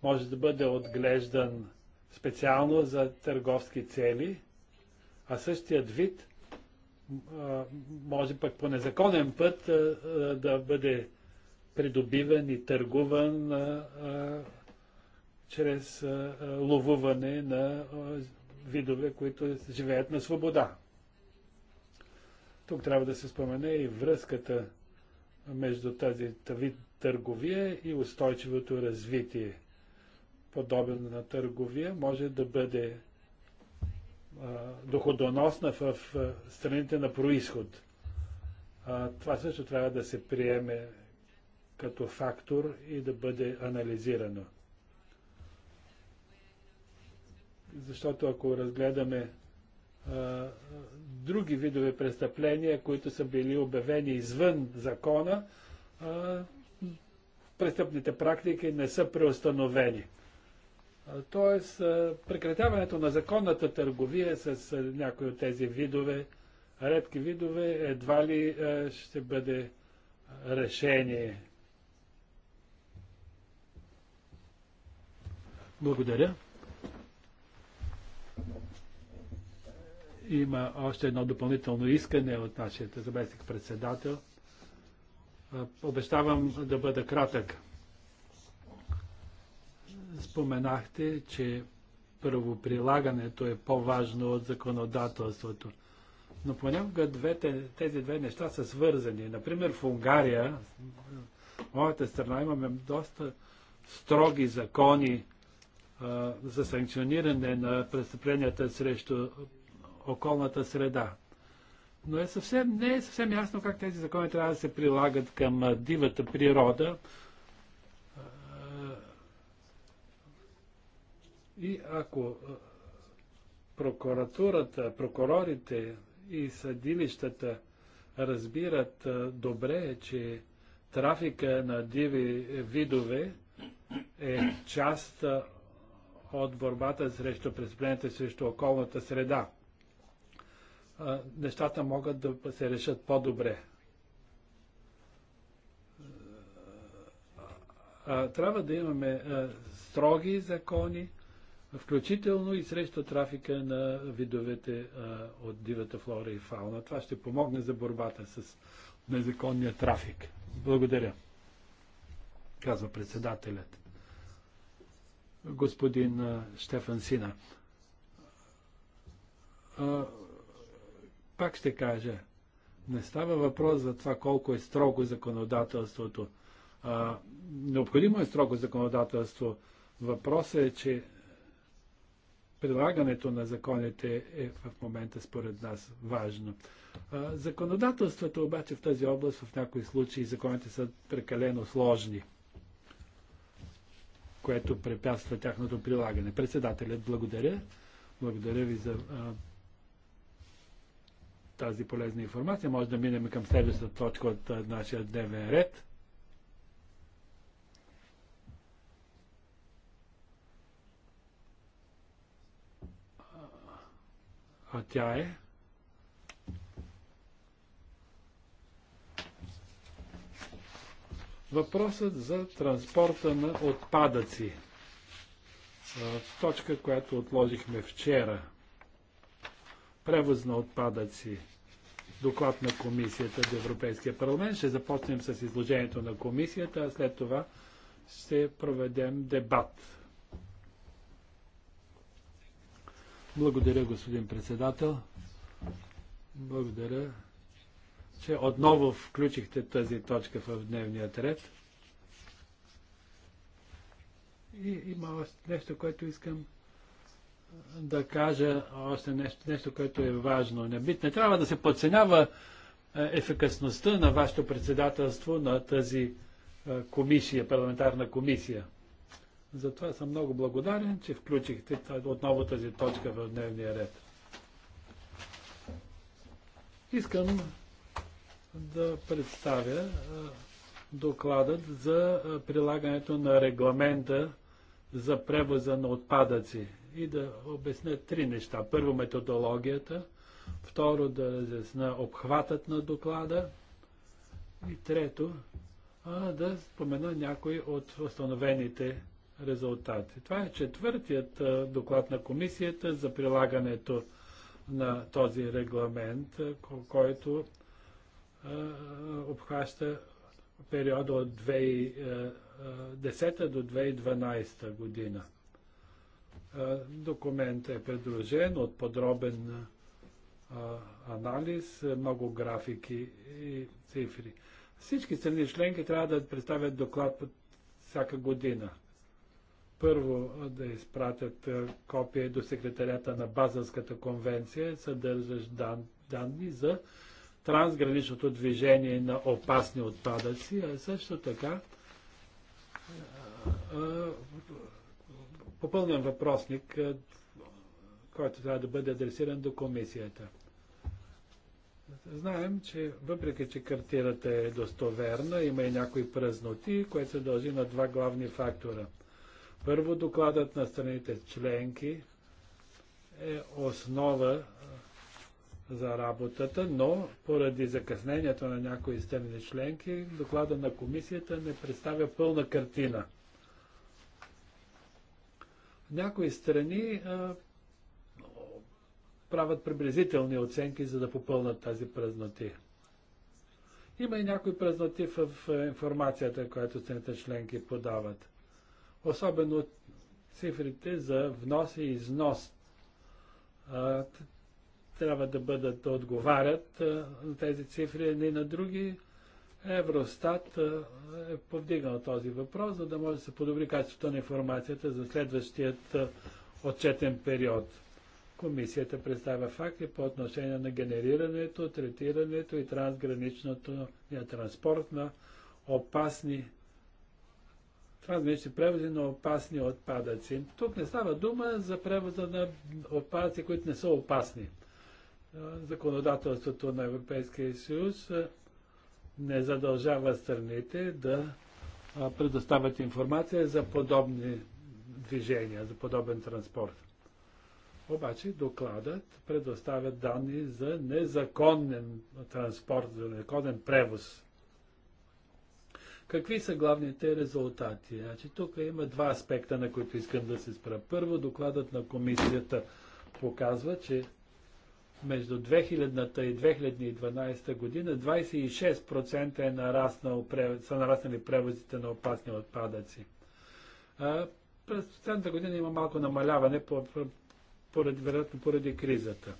може да бъде отглеждан специално за търговски цели, а същият вид може пък по незаконен път да бъде придобиван и търгуван чрез ловуване на видове, които живеят на свобода. Тук трябва да се спомене и връзката между тази вид търговия и устойчивото развитие. Подобен на търговия може да бъде а, доходоносна в, в страните на происход. А, това също трябва да се приеме като фактор и да бъде анализирано. Защото ако разгледаме а, други видове престъпления, които са били обявени извън закона, а, престъпните практики не са преустановени. Тоест, прекратяването на законната търговия с някои от тези видове, редки видове, едва ли ще бъде решение. Благодаря. Има още едно допълнително искане от нашия заместник председател. Обещавам да бъда кратък. Споменахте, че правоприлагането е по-важно от законодателството. Но понякога двете, тези две неща са свързани. Например, в Унгария, в моята страна, имаме доста строги закони а, за санкциониране на престъпленията срещу околната среда но е съвсем, не е съвсем ясно как тези закони трябва да се прилагат към дивата природа. И ако прокуратурата, прокурорите и съдилищата разбират добре, че трафика на диви видове е част от борбата срещу престъплението срещу околната среда – нещата могат да се решат по-добре. Трябва да имаме строги закони, включително и срещу трафика на видовете от дивата флора и фауна. Това ще помогне за борбата с незаконния трафик. Благодаря, казва председателят. Господин Штефан Сина пак ще кажа, не става въпрос за това колко е строго законодателството. А, необходимо е строго законодателство. Въпросът е, че прилагането на законите е в момента според нас важно. А, законодателството обаче в тази област в някои случаи законите са прекалено сложни, което препятства тяхното прилагане. Председателят, благодаря. Благодаря ви за а, тази полезна информация. Може да минем към следващата точка от нашия дневен ред. А тя е. Въпросът за транспорта на отпадъци. Точка, която отложихме вчера превоз на отпадъци, доклад на комисията до Европейския парламент. Ще започнем с изложението на комисията, а след това ще проведем дебат. Благодаря, господин председател. Благодаря, че отново включихте тази точка в дневния ред. И има нещо, което искам да кажа още нещо, нещо което е важно. Не, би, не трябва да се подценява е, ефикасността на вашето председателство на тази е, комисия, парламентарна комисия. Затова съм много благодарен, че включихте отново тази точка в дневния ред. Искам да представя е, докладът за прилагането на регламента за превоза на отпадъци и да обясня три неща. Първо методологията, второ да разясна обхватът на доклада и трето да спомена някои от установените резултати. Това е четвъртият доклад на комисията за прилагането на този регламент, който обхваща периода от 2010 до 2012 година. Е, Документът е предложен от подробен е, анализ, е, много графики и цифри. Всички страни членки трябва да представят доклад по всяка година. Първо да изпратят копие до секретарята на Базълската конвенция, съдържащ дан, данни за трансграничното движение на опасни отпадъци, а също така попълнен въпросник, който трябва да бъде адресиран до комисията. Знаем, че въпреки, че картината е достоверна, има и някои празноти, което се дължи на два главни фактора. Първо, докладът на страните членки е основа за работата, но поради закъснението на някои страни членки, доклада на комисията не представя пълна картина – някои страни а, правят приблизителни оценки, за да попълнат тази празноти. Има и някои празноти в информацията, която страните членки подават. Особено цифрите за внос и износ а, трябва да бъдат да отговарят а, на тези цифри не на други. Евростат е повдигнал този въпрос, за да може да се подобри качеството на информацията за следващият отчетен период. Комисията представя факти по отношение на генерирането, третирането и трансграничното е, транспорт на опасни трансгранични превози на опасни отпадъци. Тук не става дума за превоза на отпадъци, които не са опасни. Законодателството на Европейския съюз е, не задължава страните да предоставят информация за подобни движения, за подобен транспорт. Обаче докладът предоставя данни за незаконен транспорт, за незаконен превоз. Какви са главните резултати? Значи, тук има два аспекта, на които искам да се спра. Първо, докладът на комисията показва, че между 2000-та и 2012 година 26% е нараснал, са нараснали превозите на опасни отпадъци. през последната година има малко намаляване, поради, вероятно поради кризата.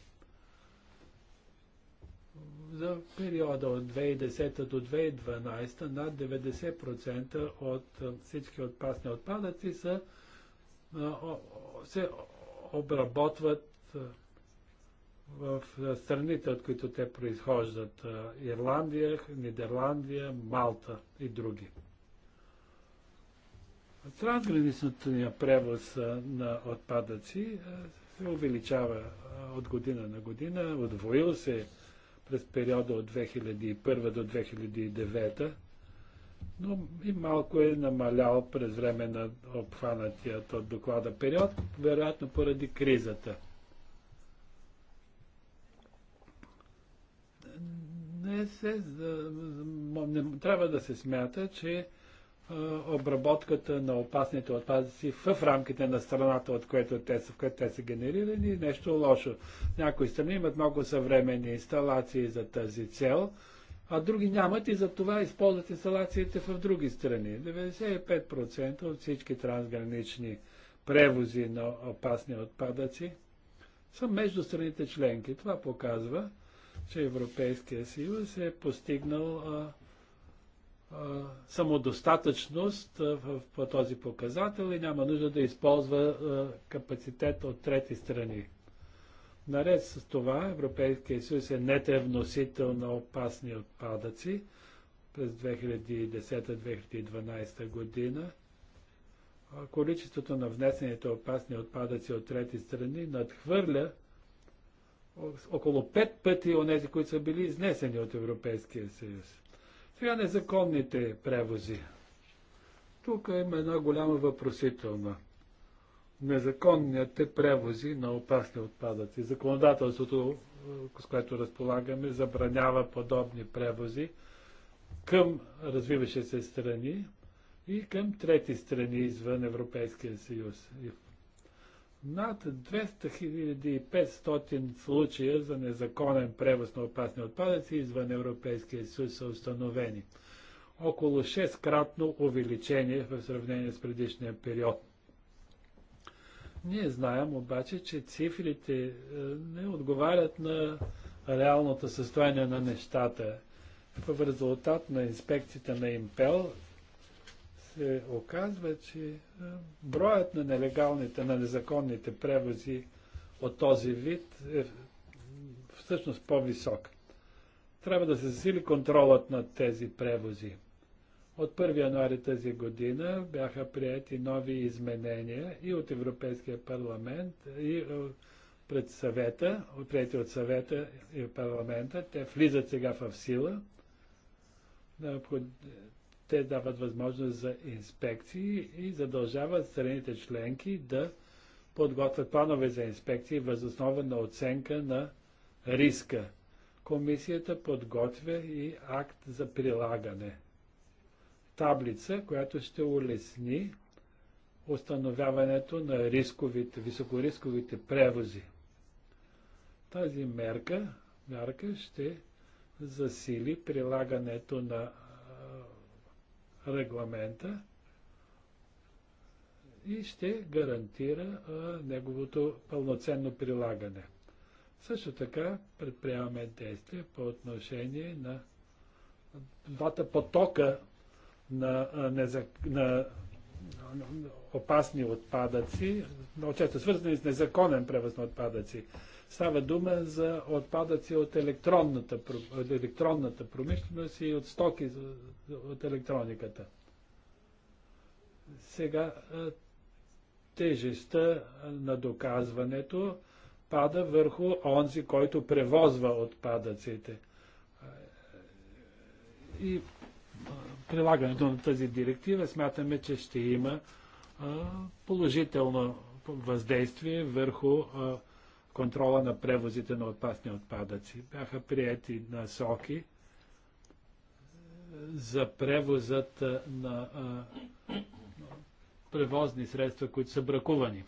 За периода от 2010 до 2012 над 90% от всички отпасни отпадъци са, се обработват в страните, от които те произхождат Ирландия, Нидерландия, Малта и други. ни превоз на отпадъци се увеличава от година на година, отвоил се през периода от 2001 до 2009, но и малко е намалял през време на обхванатият от доклада период, вероятно поради кризата. не се, не трябва да се смята, че обработката на опасните отпадъци в рамките на страната, от което те са, в която те са генерирани, е нещо лошо. Някои страни имат много съвременни инсталации за тази цел, а други нямат и за това използват инсталациите в други страни. 95% от всички трансгранични превози на опасни отпадъци са между страните членки. Това показва, че Европейския съюз е постигнал а, а, самодостатъчност в, в, по този показател и няма нужда да използва а, капацитет от трети страни. Наред с това Европейския съюз е нетен вносител на опасни отпадъци през 2010-2012 година. Количеството на внесените опасни отпадъци от трети страни надхвърля около пет пъти от тези, които са били изнесени от Европейския съюз. Сега незаконните превози. Тук има една голяма въпросителна. Незаконните превози на опасни отпадъци. Законодателството, е, с което разполагаме, забранява подобни превози към развиващи се страни и към трети страни извън Европейския съюз. И над 200 500 случая за незаконен превоз на опасни отпадъци извън Европейския съюз са установени. Около 6-кратно увеличение в сравнение с предишния период. Ние знаем обаче, че цифрите е, не отговарят на реалното състояние на нещата. В резултат на инспекцията на Импел се оказва, че е, броят на нелегалните, на незаконните превози от този вид е всъщност по-висок. Трябва да се засили контролът на тези превози. От 1 януари тази година бяха прияти нови изменения и от Европейския парламент, и е, пред съвета, прияти от съвета и парламента. Те влизат сега в сила. Те дават възможност за инспекции и задължават страните членки да подготвят планове за инспекции възоснова на оценка на риска. Комисията подготвя и акт за прилагане. Таблица, която ще улесни установяването на рисковите, високорисковите превози. Тази мерка, мерка ще засили прилагането на регламента и ще гарантира а, неговото пълноценно прилагане. Също така предприемаме действия по отношение на двата потока на, а, незак... на опасни отпадъци, но често свързани с незаконен превъз на отпадъци. Става дума за отпадъци от електронната, от електронната промишленост и от стоки от електрониката. Сега тежестта на доказването пада върху онзи, който превозва отпадъците. И прилагането на тази директива смятаме, че ще има положително въздействие върху контрола на превозите на опасни отпадъци. Бяха прияти насоки за превозът на превозни средства, които са бракувани.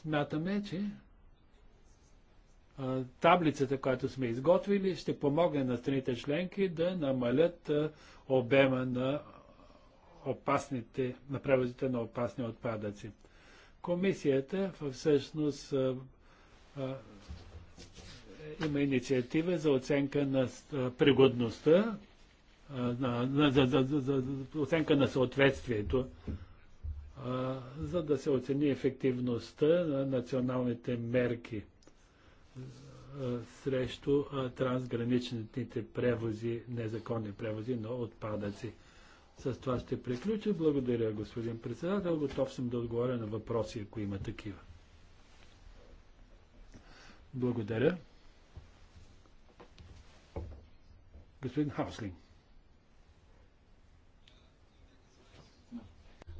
Смятаме, че таблицата, която сме изготвили, ще помогне на страните членки да намалят обема на опасните, на превозите на опасни отпадъци. Комисията всъщност има инициатива за оценка на пригодността, а, на, за, за, за, за оценка на съответствието, а, за да се оцени ефективността на националните мерки срещу трансграничните превози, незаконни превози на отпадъци. С това ще приключа. Благодаря, господин председател. Готов съм да отговоря на въпроси, ако има такива. Благодаря. Господин Хауслин.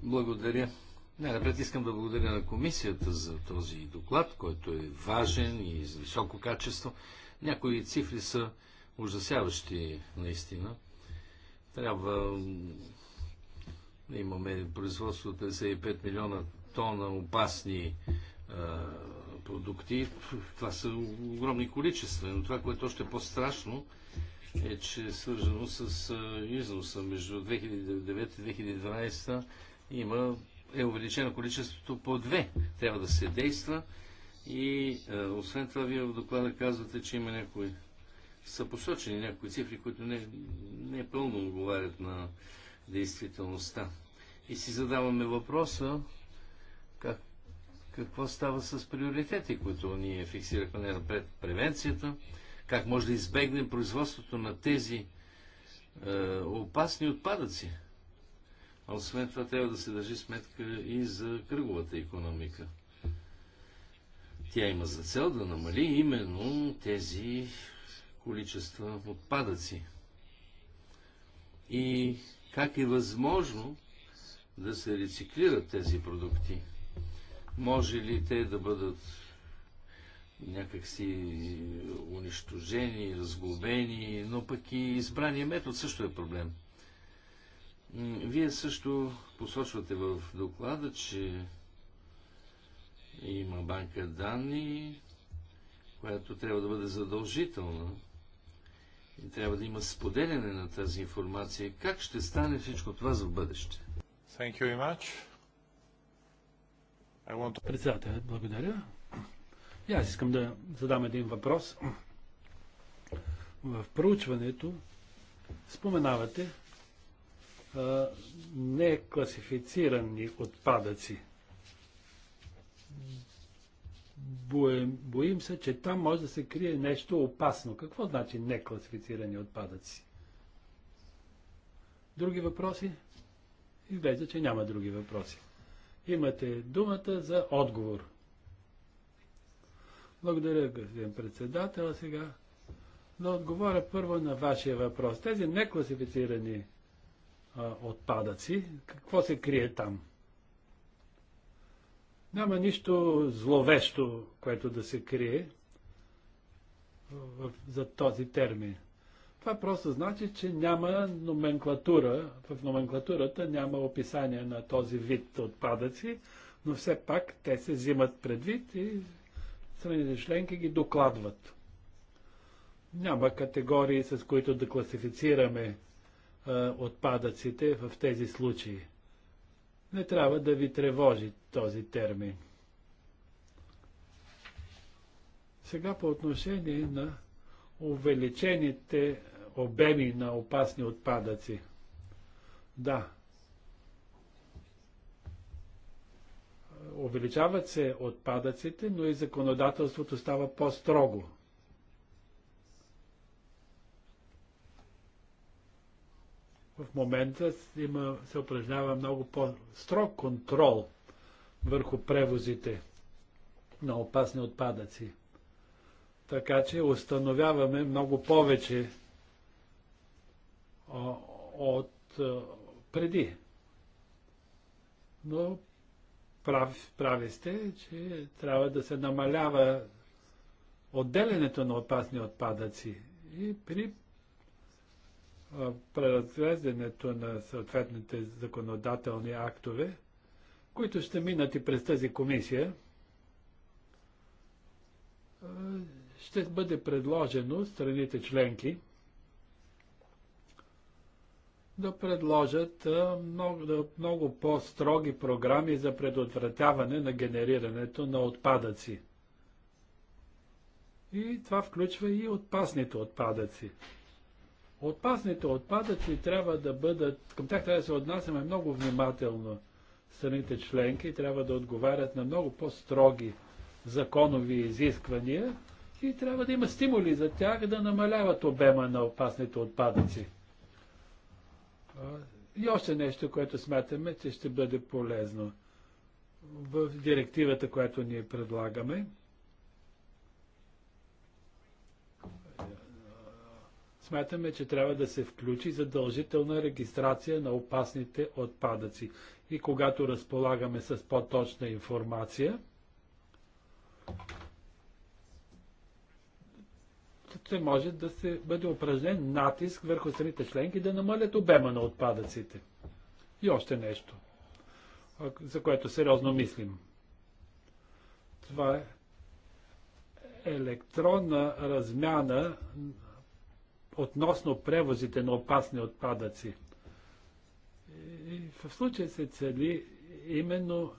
Благодаря. Най-напред искам да благодаря на комисията за този доклад, който е важен и с високо качество. Някои цифри са ужасяващи наистина. Трябва да имаме производство от 55 милиона тона опасни а, е, продукти. Това са огромни количества. Но това, което е още е по-страшно, е, че е свързано с е, износа между 2009 и 2012 има, е увеличено количеството по две. Трябва да се действа и а, освен това, вие в доклада казвате, че има някои са посочени някои цифри, които не, не пълно отговарят на действителността. И си задаваме въпроса как, какво става с приоритети, които ние фиксирахме напред превенцията, как може да избегнем производството на тези е, опасни отпадъци. А освен това трябва да се държи сметка и за кръговата економика. Тя има за цел да намали именно тези количества отпадъци. И как е възможно да се рециклират тези продукти? Може ли те да бъдат някакси унищожени, разглобени, но пък и избрания метод също е проблем. Вие също посочвате в доклада, че има банка данни, която трябва да бъде задължителна и трябва да има споделяне на тази информация. Как ще стане всичко това за бъдеще? Thank you very much. I want to... Председателят, благодаря. И аз искам да задам един въпрос. В проучването споменавате а, некласифицирани отпадъци боим, боим се, че там може да се крие нещо опасно. Какво значи некласифицирани отпадъци? Други въпроси? Изглежда, че няма други въпроси. Имате думата за отговор. Благодаря, господин председател. Сега да отговоря първо на вашия въпрос. Тези некласифицирани а, отпадъци, какво се крие там? Няма нищо зловещо, което да се крие за този термин. Това просто значи, че няма номенклатура, в номенклатурата няма описание на този вид отпадъци, но все пак те се взимат предвид и страните членки ги докладват. Няма категории, с които да класифицираме отпадъците в тези случаи не трябва да ви тревожи този термин. Сега по отношение на увеличените обеми на опасни отпадъци. Да. Увеличават се отпадъците, но и законодателството става по-строго. в момента има, се упражнява много по-строг контрол върху превозите на опасни отпадъци. Така че установяваме много повече от преди. Но прав, прави сте, че трябва да се намалява отделянето на опасни отпадъци. И при преразглеждането на съответните законодателни актове, които ще минат и през тази комисия, ще бъде предложено страните членки да предложат много, много по-строги програми за предотвратяване на генерирането на отпадъци. И това включва и опасните отпадъци. Опасните отпадъци трябва да бъдат, към тях трябва да се отнасяме много внимателно. Страните членки трябва да отговарят на много по-строги законови изисквания и трябва да има стимули за тях да намаляват обема на опасните отпадъци. И още нещо, което смятаме, че ще бъде полезно в директивата, която ние предлагаме. смятаме, че трябва да се включи задължителна регистрация на опасните отпадъци. И когато разполагаме с по-точна информация, ще може да се бъде упражнен натиск върху страните членки да намалят обема на отпадъците. И още нещо, за което сериозно мислим. Това е електронна размяна относно превозите на опасни отпадъци. И в случая се цели именно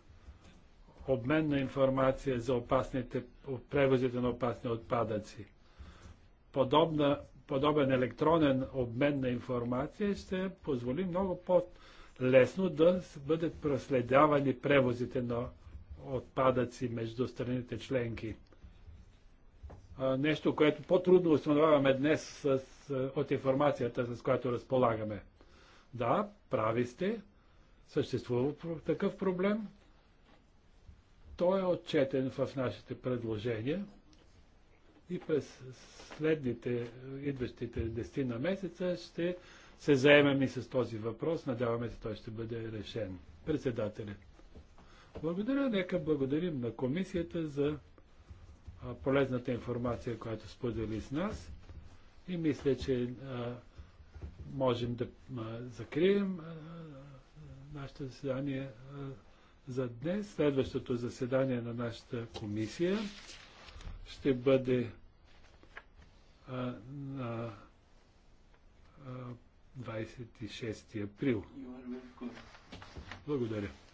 обмен на информация за опасните, превозите на опасни отпадъци. Подобна, подобен електронен обмен на информация ще позволи много по-лесно да бъдат проследявани превозите на отпадъци между страните членки нещо, което по-трудно установяваме днес с, от информацията, с която разполагаме. Да, прави сте, съществува такъв проблем. Той е отчетен в нашите предложения и през следните, идващите дести на месеца ще се заемем и с този въпрос. Надяваме се, той ще бъде решен. Председателя. Благодаря, нека благодарим на комисията за полезната информация, която сподели с нас. И мисля, че можем да закрием нашето заседание за днес. Следващото заседание на нашата комисия ще бъде на 26 април. Благодаря.